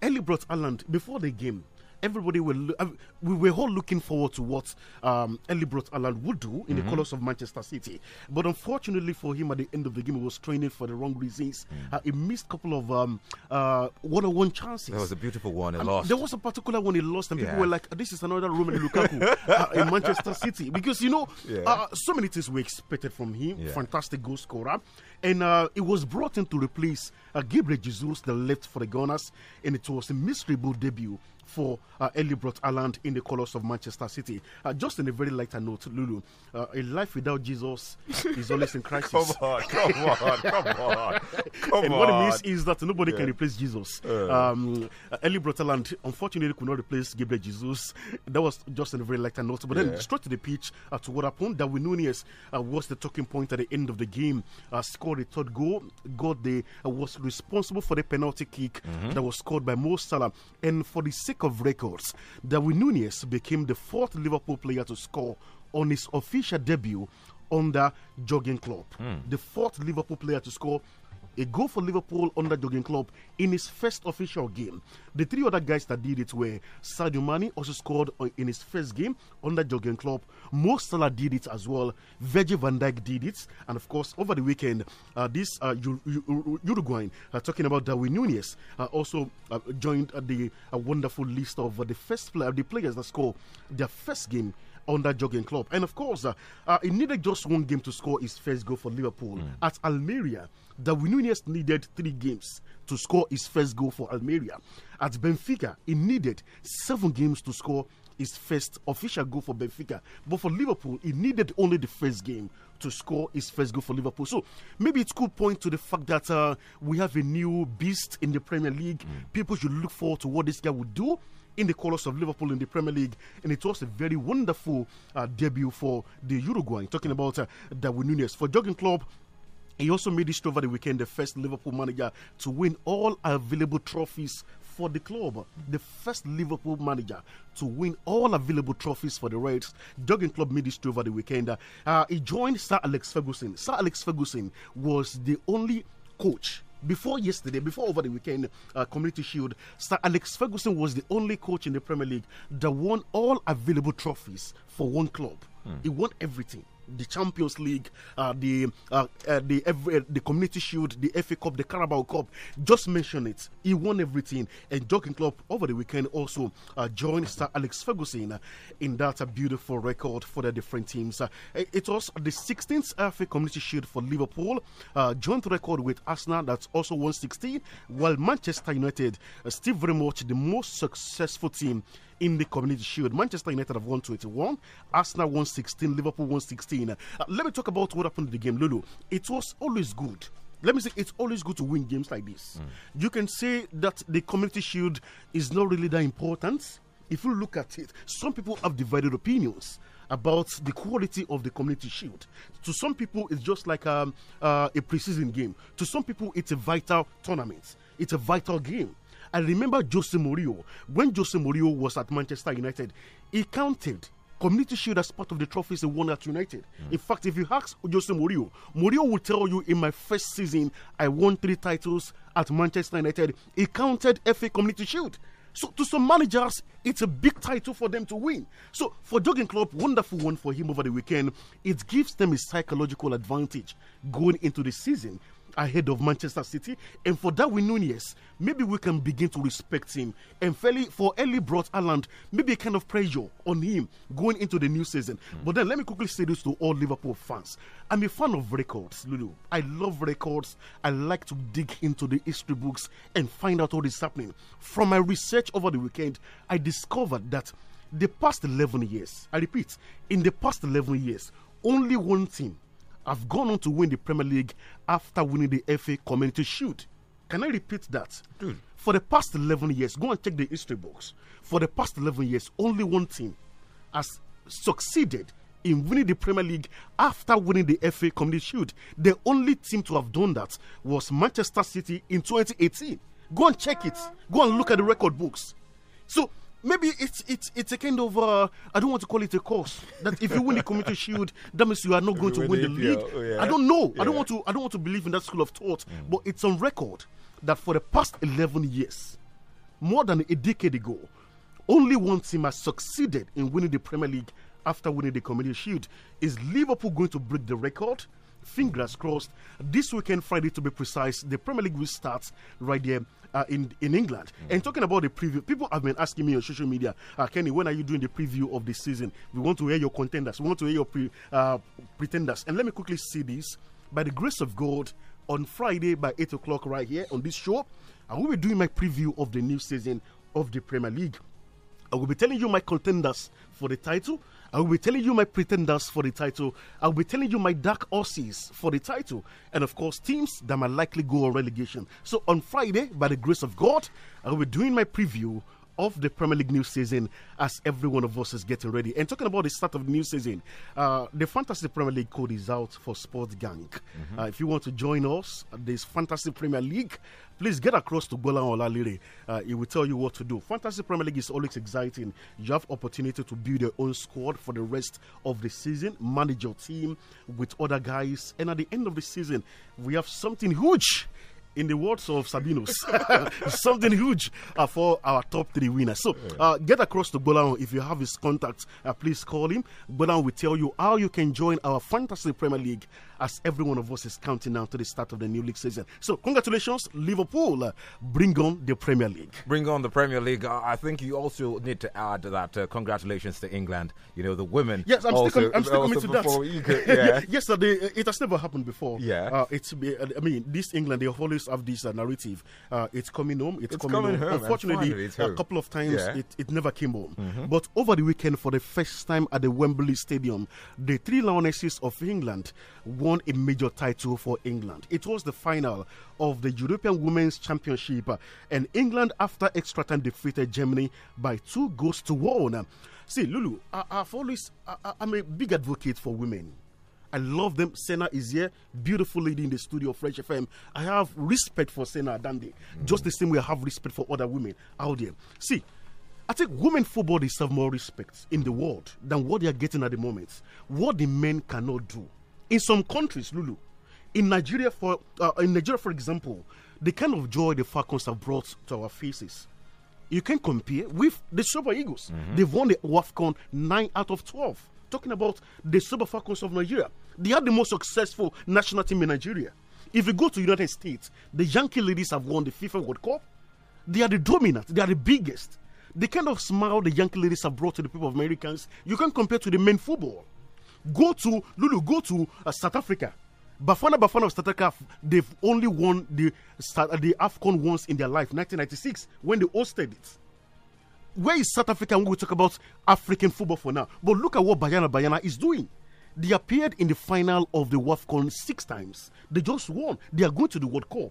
Ellie brought Ireland before the game everybody will uh, we were all looking forward to what um, Eli Alan would do in mm -hmm. the mm-hmm. colours of Manchester City, but unfortunately for him, at the end of the game, he was training for the wrong reasons. Mm. Uh, he missed a couple of um, uh, one-on-one chances. There was a beautiful one he and lost. There was a particular one he lost, and yeah. people were like, "This is another Romelu Lukaku uh, in <laughs> Manchester City," because you know yeah. Uh, so many things were expected from him. Yeah. Fantastic goal scorer, and uh, it was brought in to replace Gabriel Jesus, the left for the Gunners, and it was a miserable debut for uh, Elibrot Island in the colours of Manchester City. Uh, just in a very lighter note, Lulu, uh, a life without Jesus <laughs> is always in crisis. come on, come on, come <laughs> on, come and on. what it means is that nobody yeah. can replace Jesus. Uh. Um, Island, unfortunately, could not replace Gabriel Jesus. That was just in a very lighter note. But yeah. then straight to the pitch uh, to what happened. Darwin Nunez uh, was the talking point at the end of the game. Uh, scored a third goal. Got the was responsible for the penalty kick mm -hmm. that was scored by Mo Salah. And for the sixth sake of records, Darwin Nunez became the fourth Liverpool player to score on his official debut under Jogging Club. Mm. The fourth Liverpool player to score a goal for Liverpool under Jurgen Klopp in his first official game. The three other guys that did it were Sadio Mane also scored in his first game under Jurgen Klopp. Mo Salah did it as well. Virgil van Dijk did it, and of course over the weekend, uh, this uh, Uruguayan uh, talking about Darwin Nunez uh, also uh, joined the uh, wonderful list of the first player, the players that score their first game under Jogging Club. And of course, uh, uh, it needed just one game to score his first goal for Liverpool mm. at Almeria. Darwin Nunez needed three games to score his first goal for Almeria. At Benfica, he needed seven games to score his first official goal for Benfica. But for Liverpool, he needed only the first game to score his first goal for Liverpool. So maybe it could point to the fact that uh, we have a new beast in the Premier League. Mm. People should look forward to what this guy would do in the colours of Liverpool in the Premier League. And it was a very wonderful uh, debut for the Uruguayan. Talking about uh, Darwin Nunez. For Jogging Club, he also made history over the weekend, the first Liverpool manager to win all available trophies for the club. The first Liverpool manager to win all available trophies for the Reds. Jogging Club made history over the weekend. Uh, he joined Sir Alex Ferguson. Sir Alex Ferguson was the only coach before yesterday, before over the weekend, uh, Community Shield, Sir Alex Ferguson was the only coach in the Premier League that won all available trophies for one club. Hmm. He won everything the Champions League, uh, the uh, uh, the uh, the Community Shield, the FA Cup, the Carabao Cup. Just mention it. He won everything. And Jogging Club over the weekend also uh, joined Sir Alex Ferguson uh, in that beautiful record for the different teams. it was the 16th FA Community Shield for Liverpool, joint record with Arsenal that's also won 16, while Manchester United still very much the most successful team in the Community Shield. Manchester United have won 21, Arsenal 116, Liverpool 116. Uh, let me talk about what happened in the game, Lulu. It was always good let me say it's always good to win games like this. Mm. You can say that the community shield is not really that important. If you look at it, some people have divided opinions about the quality of the community shield. To some people, it's just like a um, uh, a preseason game. To some people, it's a vital tournament. It's a vital game I remember Jose Mourinho when Jose Mourinho was at Manchester United, he counted Community Shield as part of the trophies he won at United. Mm. In fact, if you ask Jose Mourinho, Mourinho will tell you in my first season I won three titles at Manchester United. He counted FA Community Shield. So to some managers, it's a big title for them to win. So for Jurgen Klopp, wonderful one for him over the weekend. It gives them a psychological advantage going into the season ahead of Manchester City. And for Darwin yes, maybe we can begin to respect him. And fairly, for early brought Ireland, maybe a kind of pressure on him going into the new season. Mm. But then let me quickly say this to all Liverpool fans. I'm a fan of records, Lulu. I love records. I like to dig into the history books and find out what is happening. From my research over the weekend, I discovered that the past 11 years, I repeat, in the past 11 years, only one team have gone on to win the Premier League after winning the FA Community Shield. Can I repeat that? Dude. For the past 11 years, go and check the history books. For the past 11 years, only one team has succeeded in winning the Premier League after winning the FA Community Shield. The only team to have done that was Manchester City in 2018. Go and check it. Go and look at the record books. So maybe it's it's it's a kind of uh, I don't want to call it a curse that if you win the community <laughs> shield, that means you are not going to win the league. Oh, yeah. I don't know. Yeah. I don't want to. I don't want to believe in that school of thought. Mm. But it's on record that for the past eleven years, more than a decade ago, only one team has succeeded in winning the Premier League after winning the Community Shield. Is Liverpool going to break the record? fingers crossed, this weekend, Friday to be precise, the Premier League will start right here uh, in in England. Mm And talking about the preview, people have been asking me on social media, uh, Kenny, when are you doing the preview of the season? We want to hear your contenders. We want to hear your pre, uh, pretenders. And let me quickly see this. By the grace of God, on Friday by eight o'clock, right here on this show, I will be doing my preview of the new season of the Premier League. I will be telling you my contenders for the title. I will be telling you my pretenders for the title. I will be telling you my dark horses for the title. And of course, teams that might likely go on relegation. So on Friday, by the grace of God, I will be doing my preview of the Premier League new season as every one of us is getting ready. And talking about the start of the new season, uh, the Fantasy Premier League code is out for Sports Gang. Mm -hmm. uh, if you want to join us, this Fantasy Premier League, please get across to Golan Olalire. Uh, he will tell you what to do. Fantasy Premier League is always exciting. You have opportunity to build your own squad for the rest of the season, manage your team with other guys, and at the end of the season, we have something huge in the words of Sabinos, <laughs> something huge uh, for our top three winners. So uh, get across to Golan if you have his contact. Uh, please call him. Golan will tell you how you can join our fantasy Premier League as every one of us is counting now to the start of the new league season. So, congratulations, Liverpool. Uh, bring on the Premier League. Bring on the Premier League. Uh, I think you also need to add that uh, congratulations to England. You know, the women. Yes, I'm also, still, I'm still coming to that. Could, <laughs> yeah. yes, uh, they, it has never happened before. Yeah. Uh, it's, uh, I mean, this England, they always have this uh, narrative. it's coming home, it's, it's coming, coming, home. home. Unfortunately, a couple of times yeah. it, it never came home. Mm -hmm. But over the weekend, for the first time at the Wembley Stadium, the three Lionesses of England won won a major title for England. It was the final of the European Women's Championship, and England, after extra time, defeated Germany by two goals to one. See, Lulu, I, have always, I, I'm a big advocate for women. I love them. Senna is here, beautiful lady in the studio of Fresh FM. I have respect for Senna Dandi, mm. just the same way I have respect for other women out there. See, I think women football deserve more respect in the world than what they are getting at the moment. What the men cannot do, in some countries, Lulu, in Nigeria, for uh, in Nigeria, for example, the kind of joy the Falcons have brought to our faces, you can compare with the Super Eagles. Mm -hmm. They've won the WAFCON nine out of twelve. Talking about the Super Falcons of Nigeria, they are the most successful national team in Nigeria. If you go to United States, the Yankee ladies have won the FIFA World Cup. They are the dominant. They are the biggest. The kind of smile the Yankee ladies have brought to the people of Americans, you can compare to the men football. Go to Lulu, go to uh, South Africa. Bafana Bafana of South Africa, they've only won the the AFCON once in their life, 1996, when they hosted it. Where is South Africa when we talk about African football for now? But look at what Bayana Bayana is doing. They appeared in the final of the WAFCON six times. They just won. They are going to the World Cup.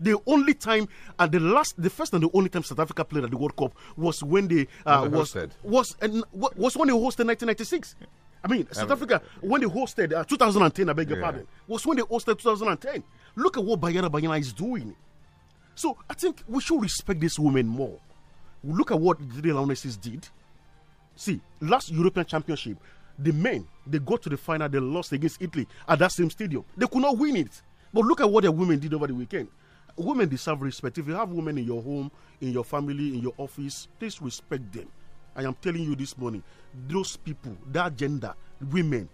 The only time and the last, the first and the only time South Africa played at the World Cup was when they uh, was was and was when they hosted 1996. I mean, South Africa, when they hosted uh, 2010, I beg your yeah. pardon, was when they hosted 2010. Look at what Bayana Bayana is doing. So I think we should respect these women more. Look at what the Launesis did. See, last European Championship, the men, they got to the final, they lost against Italy at that same stadium. They could not win it. But look at what the women did over the weekend. Women deserve respect. If you have women in your home, in your family, in your office, please respect them. I am telling you this morning, those people, that gender, women,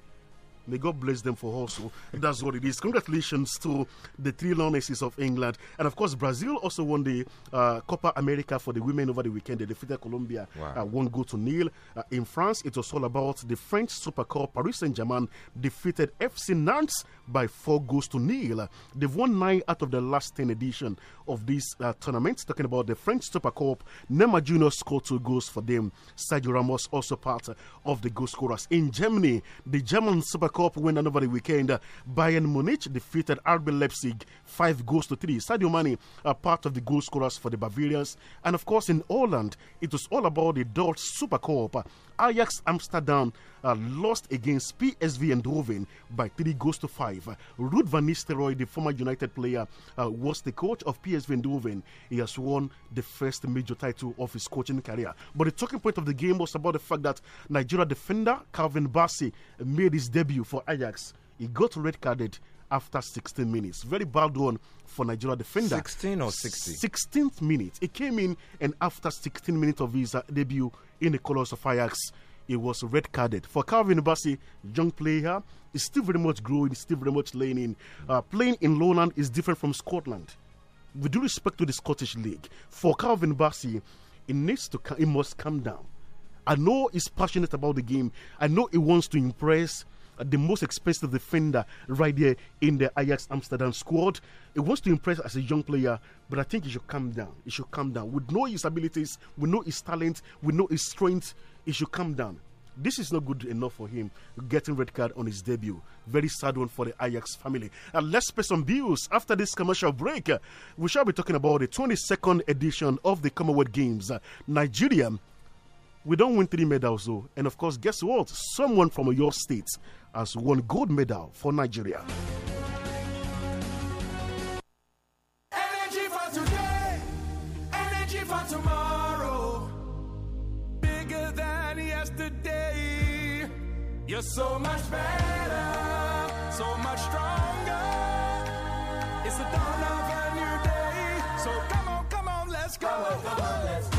May God bless them for also. That's what it is. Congratulations to the three Lionesses of England. And of course, Brazil also won the uh, Copa America for the women over the weekend. They defeated Colombia wow. uh, one goal to nil. Uh, in France, it was all about the French Super Cup. Paris Saint Germain defeated FC Nantes by four goals to nil. They've won nine out of the last 10 edition of this uh, tournament. Talking about the French Super Cup, Neymar Jr. scored two goals for them. Sergio Ramos also part of the goal scorers. In Germany, the German Super Cup win over the weekend. Bayern Munich defeated RB Leipzig five goals to three. Sadio Mane are uh, part of the goal scorers for the Bavarians. And of course, in Holland, it was all about the Dutch Super Cup. Ajax Amsterdam uh, lost against PSV Eindhoven by three goals to five. Ruud van Nistelrooy, the former United player, uh, was the coach of PSV Eindhoven. He has won the first major title of his coaching career. But the talking point of the game was about the fact that Nigeria defender Calvin Bassey made his debut for Ajax. He got red carded after 16 minutes. Very bad one for Nigeria defender. 16 or 60? 16th minute. He came in and after 16 minutes of his uh, debut in the colours of Ajax, he was red carded. For Calvin Bassi, young player, is still very much growing, still very much learning. Uh, playing in Lowland is different from Scotland. With due respect to the Scottish League, for Calvin Bassi, he needs to, he must calm down. I know he's passionate about the game. I know he wants to impress the most expensive defender right there in the Ajax Amsterdam squad. He wants to impress as a young player, but I think he should calm down. He should calm down. We know his abilities, we know his talent, we know his strength. He should calm down. This is not good enough for him getting red card on his debut. Very sad one for the Ajax family. And let's pay some bills after this commercial break. We shall be talking about the 22nd edition of the Commonwealth Games. Nigeria we don't win three medals though. And of course, guess what? Someone from your state has won gold medal for Nigeria. Energy for today, energy for tomorrow, bigger than yesterday. You're so much better, so much stronger. It's the dawn of a new day. So come on, come on, let's go. Come on, come on, let's go.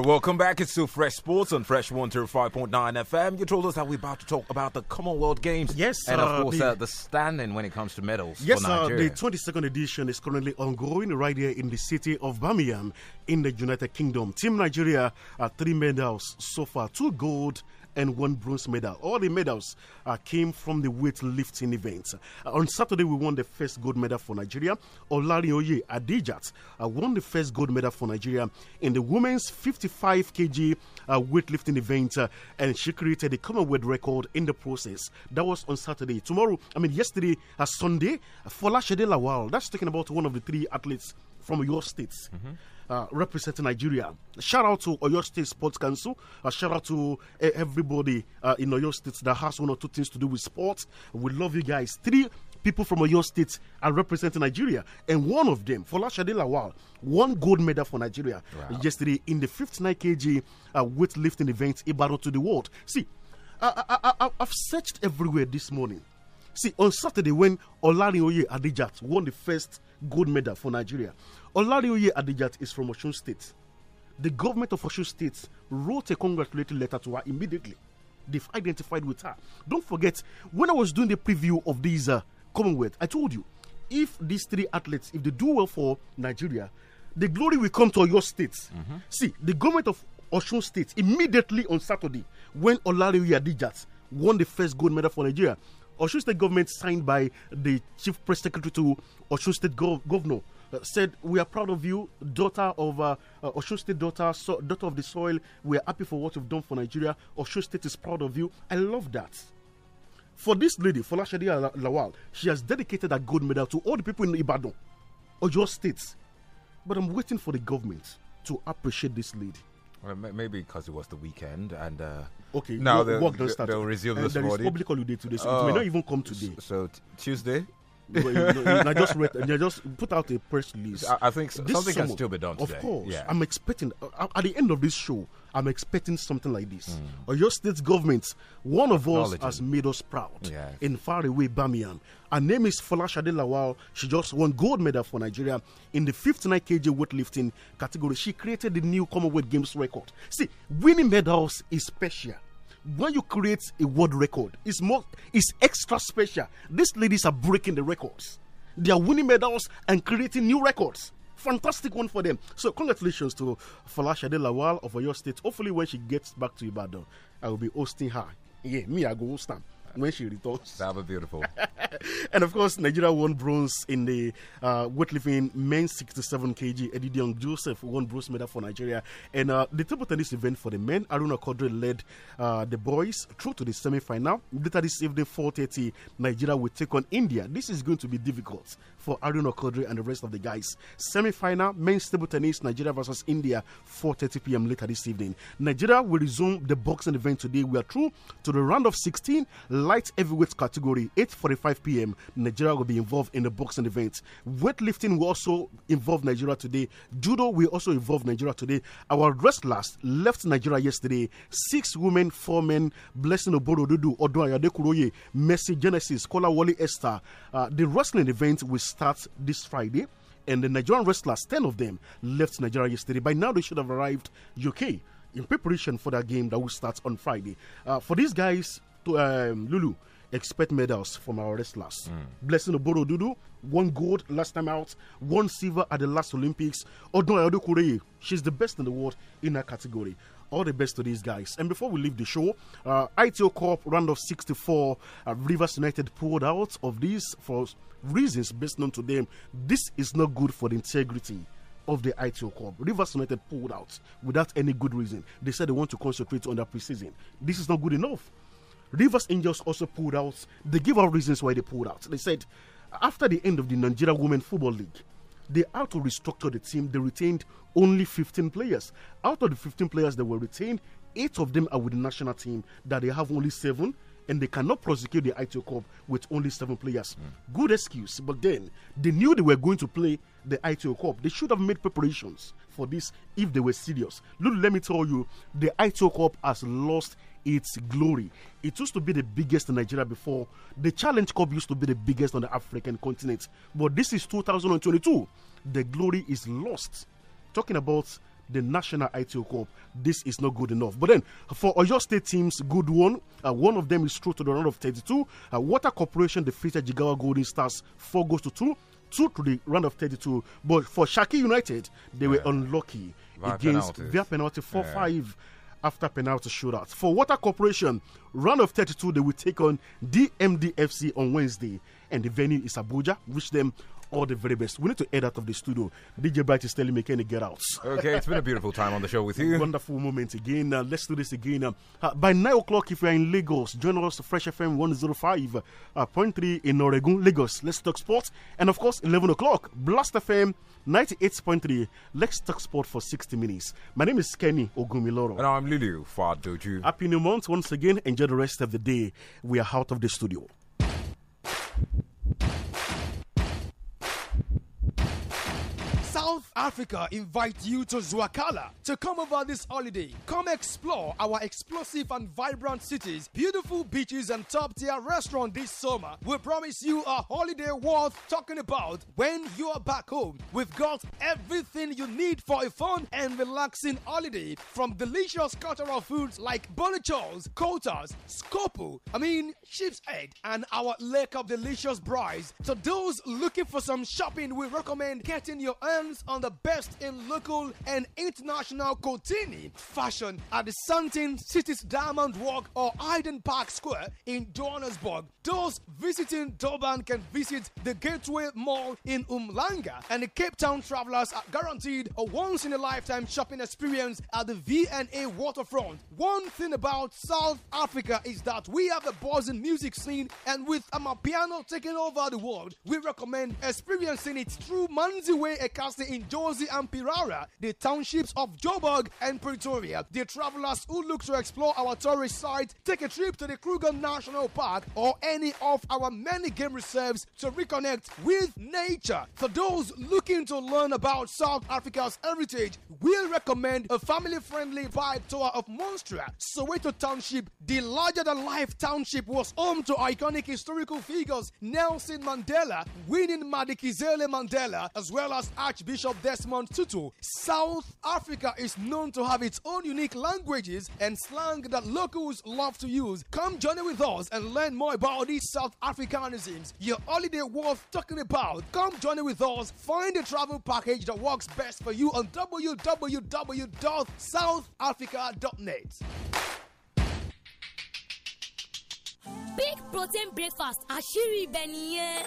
right, welcome back. It's still Fresh Sports on Fresh 105.9 FM. You told us that we're about to talk about the Commonwealth Games. Yes, And of uh, course, the, uh, the, standing when it comes to medals. Yes, uh, the 22nd edition is currently ongoing right here in the city of Birmingham in the United Kingdom. Team Nigeria, are three medals so far two gold and one bronze medal. All the medals uh, came from the weightlifting events. Uh, on Saturday, we won the first gold medal for Nigeria. Olarioye Adijat uh, won the first gold medal for Nigeria in the women's 55 kg uh, weightlifting event, uh, and she created a Commonwealth record in the process. That was on Saturday. Tomorrow, I mean, yesterday, uh, Sunday, Fola Shede Lawal, that's talking about one of the three athletes from your states. Mm -hmm uh, representing Nigeria. Shout out to Oyo State Sports Council. Uh, shout out to eh, uh, everybody in Oyo State that has one or two things to do with sports. We love you guys. Three people from Oyo State are representing Nigeria, and one of them, Folashade Lawal, won gold medal for Nigeria wow. yesterday in the 59 kg uh, weightlifting event, battle to the world. See, I, I, I, I've searched everywhere this morning. See, on Saturday, when Olarin Oye Adijat won the first gold medal for Nigeria, Olarioye Adijat is from Oshun State. The government of Oshun State wrote a congratulatory letter to her immediately. They've identified with her. Don't forget, when I was doing the preview of these uh, Commonwealth, I told you, if these three athletes, if they do well for Nigeria, the glory will come to your state. Mm -hmm. See, the government of Oshun State immediately on Saturday, when Olarioye Adijat won the first gold medal for Nigeria, Oshun State government signed by the chief press secretary to Oshun State gov governor uh, said, We are proud of you, daughter of uh, uh Osho State, daughter, so, daughter of the soil. We are happy for what you've done for Nigeria. Osho State is proud of you. I love that. For this lady, Folashadi Lawal, she has dedicated a gold medal to all the people in Ibadan, Ojo State. But I'm waiting for the government to appreciate this lady. Well, maybe because it was the weekend and uh, okay. Now the work doesn't start. They'll resume this morning. There is public holiday today, so oh. it may not oh, even come today. So Tuesday, and I just read, and just put out a press release. I, I think so, something summer, can still be done. Today. Of course, yeah. I'm expecting uh, at the end of this show, I'm expecting something like this. Mm. Or your state government, one of us has made us proud yes. in faraway Birmingham. Her name is Folashade Lawal. She just won gold medal for Nigeria in the 59 kg weightlifting category. She created the new Commonwealth Games record. See, winning medals is special when you create a world record, it's more it's extra special. These ladies are breaking the records. They are winning medals and creating new records. Fantastic one for them. So congratulations to Falasha De Lawal of your state. Hopefully when she gets back to Ibadan, I will be hosting her. Yeah, me, I go host them when she retorts? That would be beautiful. <laughs> and of course, Nigeria won bronze in the uh, weightlifting men's 67 kg. Eddie Dion Joseph won bronze medal for Nigeria. And uh, the table tennis event for the men, Aruna Kodre led uh, the boys through to the semi-final. Later this evening, 4:30, Nigeria will take on India. This is going to be difficult for Aruna Kodre and the rest of the guys. Semi-final men's table tennis, Nigeria versus India, 4:30 p.m. later this evening. Nigeria will resume the boxing event today. We are through to the round of 16 light heavyweight category, 8:45 p.m. Nigeria will be involved in the boxing event. Weightlifting will also involve Nigeria today. Judo will also involve Nigeria today. Our wrestlers left Nigeria yesterday. Six women, four men: Blessing Oboro Dudu, Odun Ayadekuroye, Mercy Genesis, Kola Wally Esther. Uh, the wrestling event will start this Friday and the Nigerian wrestlers, 10 of them, left Nigeria yesterday. By now, they should have arrived UK in preparation for that game that will start on Friday. Uh, for these guys, to, um, Lulu, expect medals from our wrestlers. Mm. Blessing Oboro Dudu, one gold last time out, one silver at the last Olympics. Odon Adokureye, she's the best in the world in her category. All the best to these guys. And before we leave the show, uh, ITO Corp round of 64, uh, Rivers United pulled out of this for reasons best known to them. This is not good for the integrity of the ITO Cup. Rivers United pulled out without any good reason. They said they want to concentrate on their preseason. This is not good enough. Rivers Angels also pulled out. They gave out reasons why they pulled out. They said after the end of the Nigeria Women Football League, they had to restructure the team. They retained only 15 players. Out of the 15 players that were retained, eight of them are with the national team, that they have only seven, and they cannot prosecute the ITO Cup with only seven players. Mm. Good excuse, but then they knew they were going to play the ITO Cup. They should have made preparations for this if they were serious. Look, let me tell you, the ITO Cup has lost its glory. It used to be the biggest in Nigeria before. The Challenge Cup used to be the biggest on the African continent. But this is 2022. The glory is lost. Talking about the National ITO Cup, this is not good enough. But then, for Oyo State teams, good one. Uh, one of them is through to the round of 32. Uh, Water Corporation defeated Jigawa Golden Stars 4 goals to 2 two to the round of 32. But for Shaki United, they yeah. were unlucky via against penalties. via penalty 4 yeah. 5 after penalty shootout. For Water Corporation, round of 32, they will take on DMDFC on Wednesday, and the venue is Abuja. Wish them all the very best. We need to head out of the studio. DJ Bright is telling me, can get out? Okay, it's been a beautiful time on the show with you. Wonderful moment again. Uh, let's do this again. Uh, uh by 9 o'clock, if you're in Lagos, join us Fresh FM 105.3 uh, in Oregon, Lagos. Let's talk sports. And of course, 11 o'clock, Blast FM 98.3. Let's talk sport for 60 minutes. My name is Kenny Ogumiloro. And I'm Lulu Fadoju. Happy New Month once again. Enjoy the rest of the day. We are out of the studio. South Africa invite you to Zwakala to come over this holiday. Come explore our explosive and vibrant cities, beautiful beaches, and top tier restaurant this summer. We promise you a holiday worth talking about when you are back home. We've got everything you need for a fun and relaxing holiday from delicious cultural foods like bolichos, kotas, skopu. I mean, sheep's egg and our lake of delicious brides. To those looking for some shopping, we recommend getting your hands hands on the best in local and international Coutini fashion at the Santin City's Diamond Walk or Hyden Park Square in Johannesburg. Those visiting Durban can visit the Gateway Mall in Umlanga, and the Cape Town travelers are guaranteed a once in a lifetime shopping experience at the VNA waterfront. One thing about South Africa is that we have a buzzing music scene, and with Amapiano taking over the world, we recommend experiencing it through Manziwe Ekasi in Josie and Pirara, the townships of Joburg and Pretoria. The travelers who look to explore our tourist site, take a trip to the Kruger National Park or any of our many game reserves to reconnect with nature. For those looking to learn about South Africa's heritage, we'll recommend a family-friendly vibe tour of Monstra, Soweto Township, the larger-than-life township was home to iconic historical figures Nelson Mandela, winning Madikizele Mandela, as well as Archbishop Archbishop Desmond Tutu, South Africa is known to have its own unique languages and slang that locals love to use. Come in with us and learn more about these South Africanisms. Your holiday worth talking about. Come in with us. Find a travel package that works best for you on www.southafrica.net. Big protein breakfast Ashiri ibẹ̀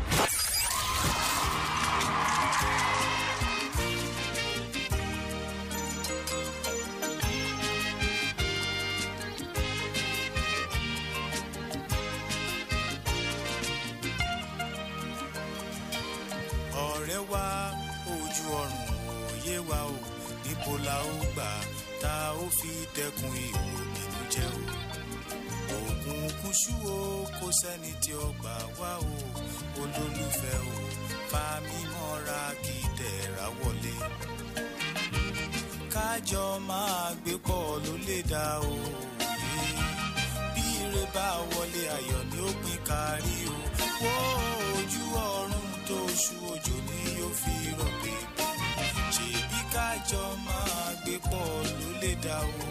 tí ó gbà wá o olólùfẹ́ o fa mímọ́ra kí dẹ̀ra wọlé kájọ máa gbé pọ̀ ló lè dá o bí ire bá wọlé ayọ̀ ni ó pín kárí o wó ojú ọ̀run tó ṣú òjò ni yóò fi rọ̀ pé ṣèbí kájọ máa gbé pọ̀ ló lè dá o.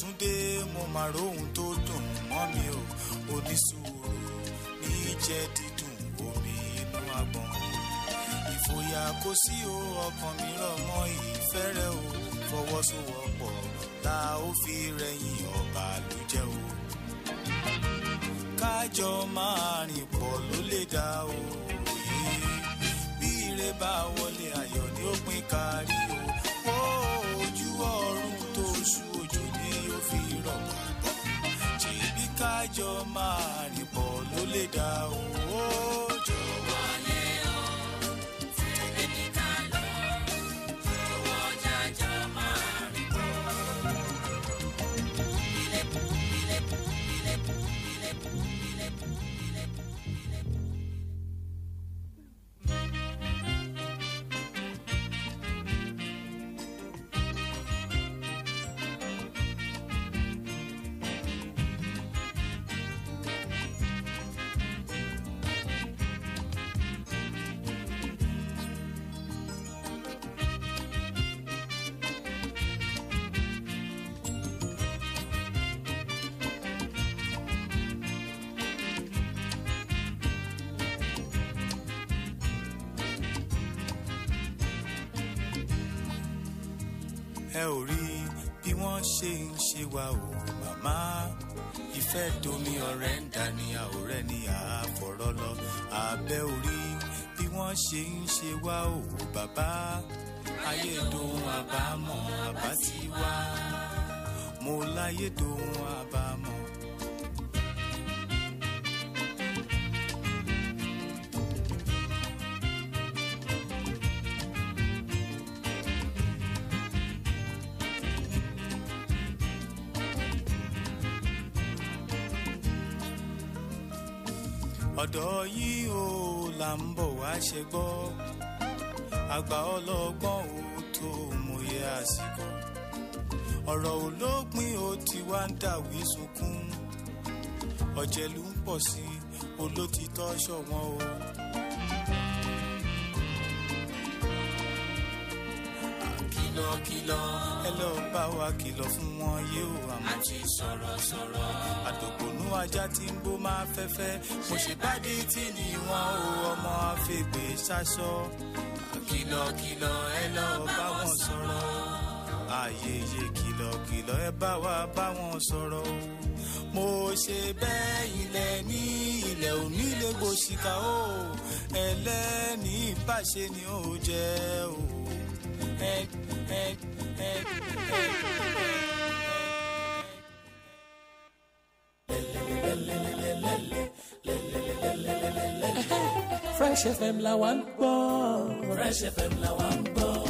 Túndé mo mà róhun tó dùn mọ́ mi o onísùúrù ní jẹ́ dídùn omi inú agbọ̀n ìfòyà kò sí o ọkàn mi rọ̀ mọ́ ìfẹ́ rẹ o fọwọ́sowọ́pọ̀ tá ó fi rẹ̀yìn ọba ló jẹ́ o kájọ máa rìn pọ̀ ló lè dá o bí ire bá wọlé ayọ̀ ni ó pín kárí. your mind. wa o màmá ìfẹ́ domi ọ̀rẹ́ ń dání àwòrẹ́ ni àfọ̀rọ̀ lọ abẹ́ orí bí wọ́n ṣe ń ṣe wá o bàbá ayédohun àbámọ̀ àbá ti wá mo láyédohun àbámọ̀. ń bọ̀ wá ṣe gbọ́ àgbà ọlọ́gbọ́n ò tó àsìkò ọ̀rọ̀ olópin ó ti wá ń dàwí sunkún ọ̀jẹ̀lú ń pọ̀ sí olótìtọ́ ṣọ̀wọ́n o. kìlọ̀ kìlọ̀. ẹ lọ bá wa kìlọ̀ fún wọn yé o àmọ́. a ti sọ̀rọ̀ sọ̀rọ̀. àdògbò ajá tí ń bó máa fẹ́fẹ́ mo ṣe bádé tí ni wọn ò ọmọ afẹ́gbẹ́ sásọ kìlọ̀kìlọ̀ ẹ lọ bá wọn sọ̀rọ̀ ayẹyẹ kìlọ̀kìlọ̀ ẹ bá wa bá wọn sọ̀rọ̀ o mo ṣe bẹ́ẹ̀ ilẹ̀ ní ilẹ̀ òní lè gbòṣìkà o ẹlẹ́ni ìbáṣe ni ó jẹ́ o. Ed, ed, ed, ed, ed. fresh as them, la wa ń Fresh as them, la wa ń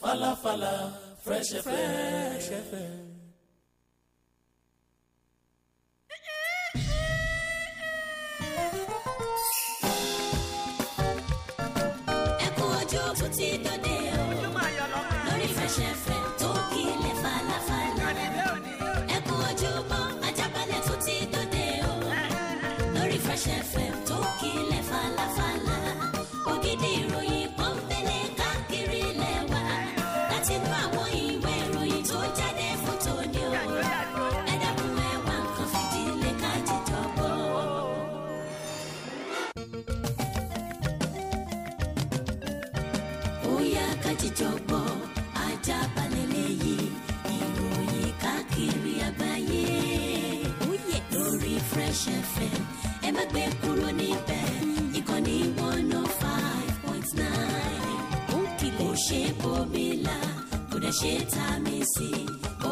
falafala fresh fm. má gbé kúrò níbẹ̀ ìkànnì one oh five point ṣe bómi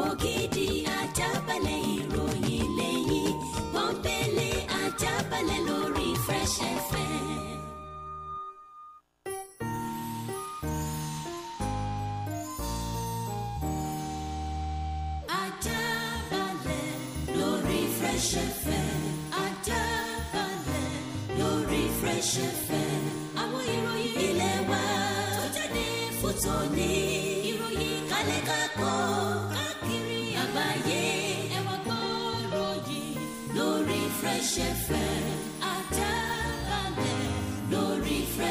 ògidì ajábalẹ̀ ìròyìn lẹ́yìn pọ́npẹ́lẹ́ ajábalẹ̀ lórí Fresh FM.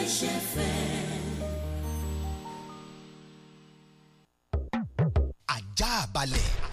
Fresh FM. ajá balẹ̀.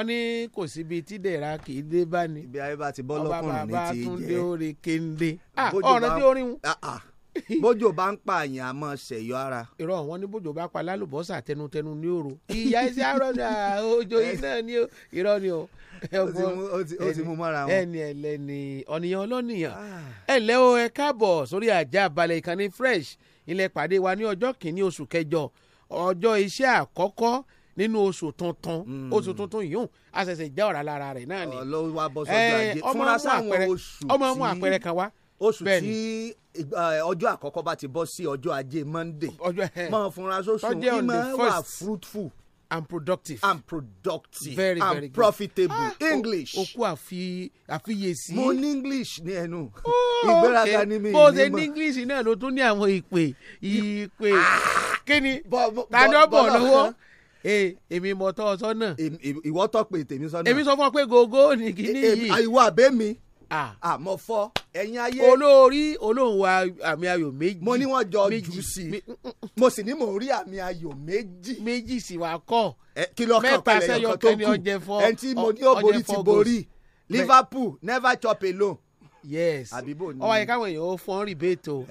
wọ́n ní kò síbi tí dẹ̀ra kì í dé bá ní. ibi ayé bá ti bọ́ lọ́kùnrin ní ti jẹ́ ọba bàbá túndé orí kéńdé. ọ̀rọ̀ tí ah, ah. ó rí bá ń pààyàn àmọ́ ṣẹ̀yọ́ ara. <laughs> irọ́ wọn ní bójò bá pa lálùbọ́sà tẹnutẹnu ní òru. ìyá iṣẹ́ àrọ́dà òjò iná ni irọ́ ni o. <laughs> ó ti mú mọ́ra wọn. ẹni ẹlẹ́ni ọ̀nìyàn ọlọ́nìyàn. Ah. ẹ ǹlẹ́ o ẹ káàbọ̀ sórí àjà balẹ̀ ìkànnì fresh ilẹ̀ pàdé wa ní ọjọ́ kìíní oṣù kẹjọ ọjọ́ iṣẹ́ àkọ́kọ́ nínú oṣù tuntun hmm. oṣù tuntun yìí hùn àṣẹ̀ṣẹ̀ já ọ̀rá lára rẹ̀ náà ni. ọlọ́wà bọ́ sọ́jọ́ ajé fúnra sáwọn oṣù tí ọmọ mú kan wá. oṣù tí ọjọ́ àkọ́kọ́ bá ti bọ́ sí ọjọ́ ajé monday mọ̀ fúnra sóṣù ìmọ̀ wà fruitful and productive. and productive. very and very profitable ah, english. oku àfi àfiyèsí. mo ní english ní ẹnu. Oh, ìgbéraga ni mi ìní mọ. bó ṣe english náà ló tún ní àwọn ìpè ìpè kíni tani ọbọ lọ́wọ́ ee èmi mọ tọ́ ọ sọ́nà. ìwọ tọ́ pé tèmi sọ́nà. èmi sọ fún ọ pé gògó ni kíní yìí. ìwọ àbẹ́ mi àmọ́ fọ́ ẹ̀yin ayé. olórí olóhùn wa àmì ayò méjì. mo ní wọn jọ jù sí i mm, mm. mo sì ní mò ń rí àmì ayò méjì. méjì sì wá kọ. kí lọ kàn pẹlẹ yọkàn tó kù ẹni tí mo ní ó borí ti borí Liverpool never chop alone yes àbíbò ni ọwọ yẹ káwọn èèyàn ó fún rìbéètì o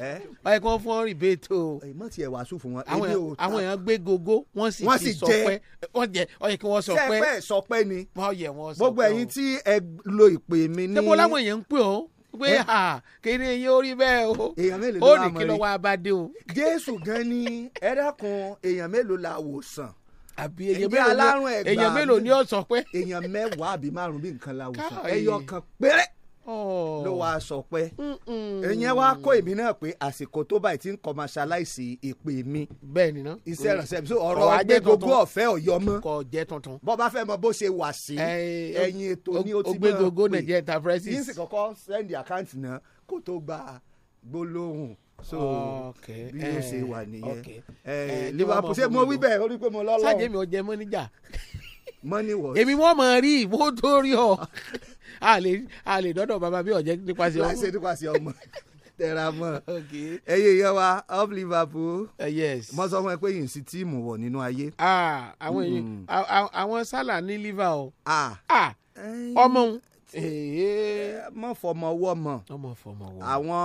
ọwọ yẹ kó fún rìbéètì o. èyí mọ̀ tiẹ̀ wàásù fún wọn èmi ò ta àwọn èèyàn gbé gogo wọ́n sì ti sọ pé wọ́n jẹ ọyẹ kí wọ́n sọ pé sẹ́pẹ́ sọ pé ni gbogbo ẹ̀yin tí ẹ lo ìpè mi ní. tẹ́bó láwọn èèyàn ń pè ọ́ pé à kéré yín ó rí bẹ́ẹ̀ o ó ní kí lọ́wọ́ abadé o. jésù gan ni ẹ èèyàn mélòó la wò sàn àbí èèyàn mélòó ni èèyàn mélòó èèyàn mẹ́wàá àbí márùn-ún bí nǹkan la wò sàn ẹyọ kan péré Oh. ló wàá sọ pé ẹ̀yẹn wàá kó èmi náà pé àsìkò tó báyìí ti ń kọmaṣáláìsì ìpè mi bẹ́ẹ̀ni ná iṣẹ́ ìrànṣẹ́ so ọ̀rọ̀ ọgbẹ́ gbogbo ọ̀fẹ́ ọ̀yọ́ mọ́ kò jẹ́ tuntun bọ́ bá fẹ́ mọ bó ṣe wà sí ẹ̀yìn ètò ni ó ti máa pè ògbégogo nàìjíríà enterprises yín sì kọ́kọ́ sẹ́ndì àkáǹtì náà kó tó gba gbólóhùn so bí ó ṣe eh, wà nìyẹn eh, eh, Liverpool ṣé mo wí bẹ́ẹ̀ ó rí pé mo lọ́lọ́ sáàjẹ́mi ò jẹ́ mọ́níjà mọ́níwọ̀ èmi wọ́n mọ̀ rí ìwó tó rí ọ <laughs> a lè dọ́dọ̀ bàbá bí ọ̀jẹ̀ nípasẹ̀ ọmọ. láìsẹ̀ nípasẹ̀ ọmọ <laughs> tẹra mọ́ ẹyẹ yẹ wa up Liverpool uh, mo sọ fún ẹ pé yìí sí tíìmù wọ̀ nínú ayé. àwọn èyí àwọn sálà ní liver o ọmọ mọ fọmọ wọ mọ àwọn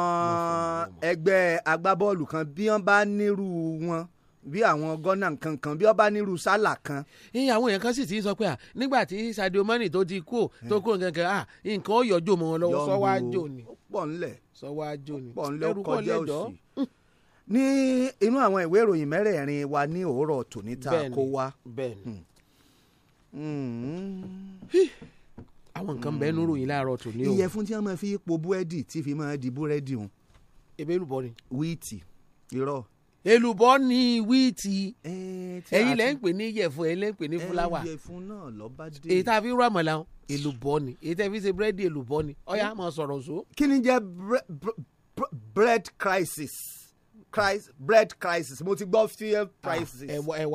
ẹgbẹ́ agbábọ́ọ̀lù kan bí wọ́n bá nírú wọn bí àwọn gọ́nà kankan bí ọba nírú sálà kan. ìyẹn àwọn èèyàn kan sì ti sọ pé nígbà tí Sadio Mane tó ti kú tó kú nǹkan kan nǹkan ó yọjú mọ́ wọn lọ́wọ́ sọ́wájú ni. pọ̀ ńlẹ̀ sọ́wájú ni pọ̀ ńlẹ̀ ó kọjá òsì. ní inú àwọn ìwé ìròyìn mẹ́rẹ̀ẹ̀rin wa ní òwúrọ̀ tòní ta kó wa. Hmm. Hmm. àwọn nǹkan bẹ́ẹ̀ nírò hmm. yìí láàárọ̀ tòní o. ìyẹ̀fun tí wọ́n máa fi po búrẹ́dì tí fi máa di búrẹ́dì hun. ebélùbọ́ ni. wíìtì irọ́ èlùbọ́ ní wíìtì ẹ̀yin lẹ́ ń pè ní yẹ̀fun ẹ̀yin lẹ́ ń pè ní fúláwà èyí tá a fi rọ àmàlà èlùbọ́ ni èyí tá a fi ṣe búrẹ́dì èlùbọ́ ni ọ̀yá máa sọ̀rọ̀ so. kí ni jẹ́ bread crisis crisis bread crisis mo ti gbọ́ fuel ah, crisis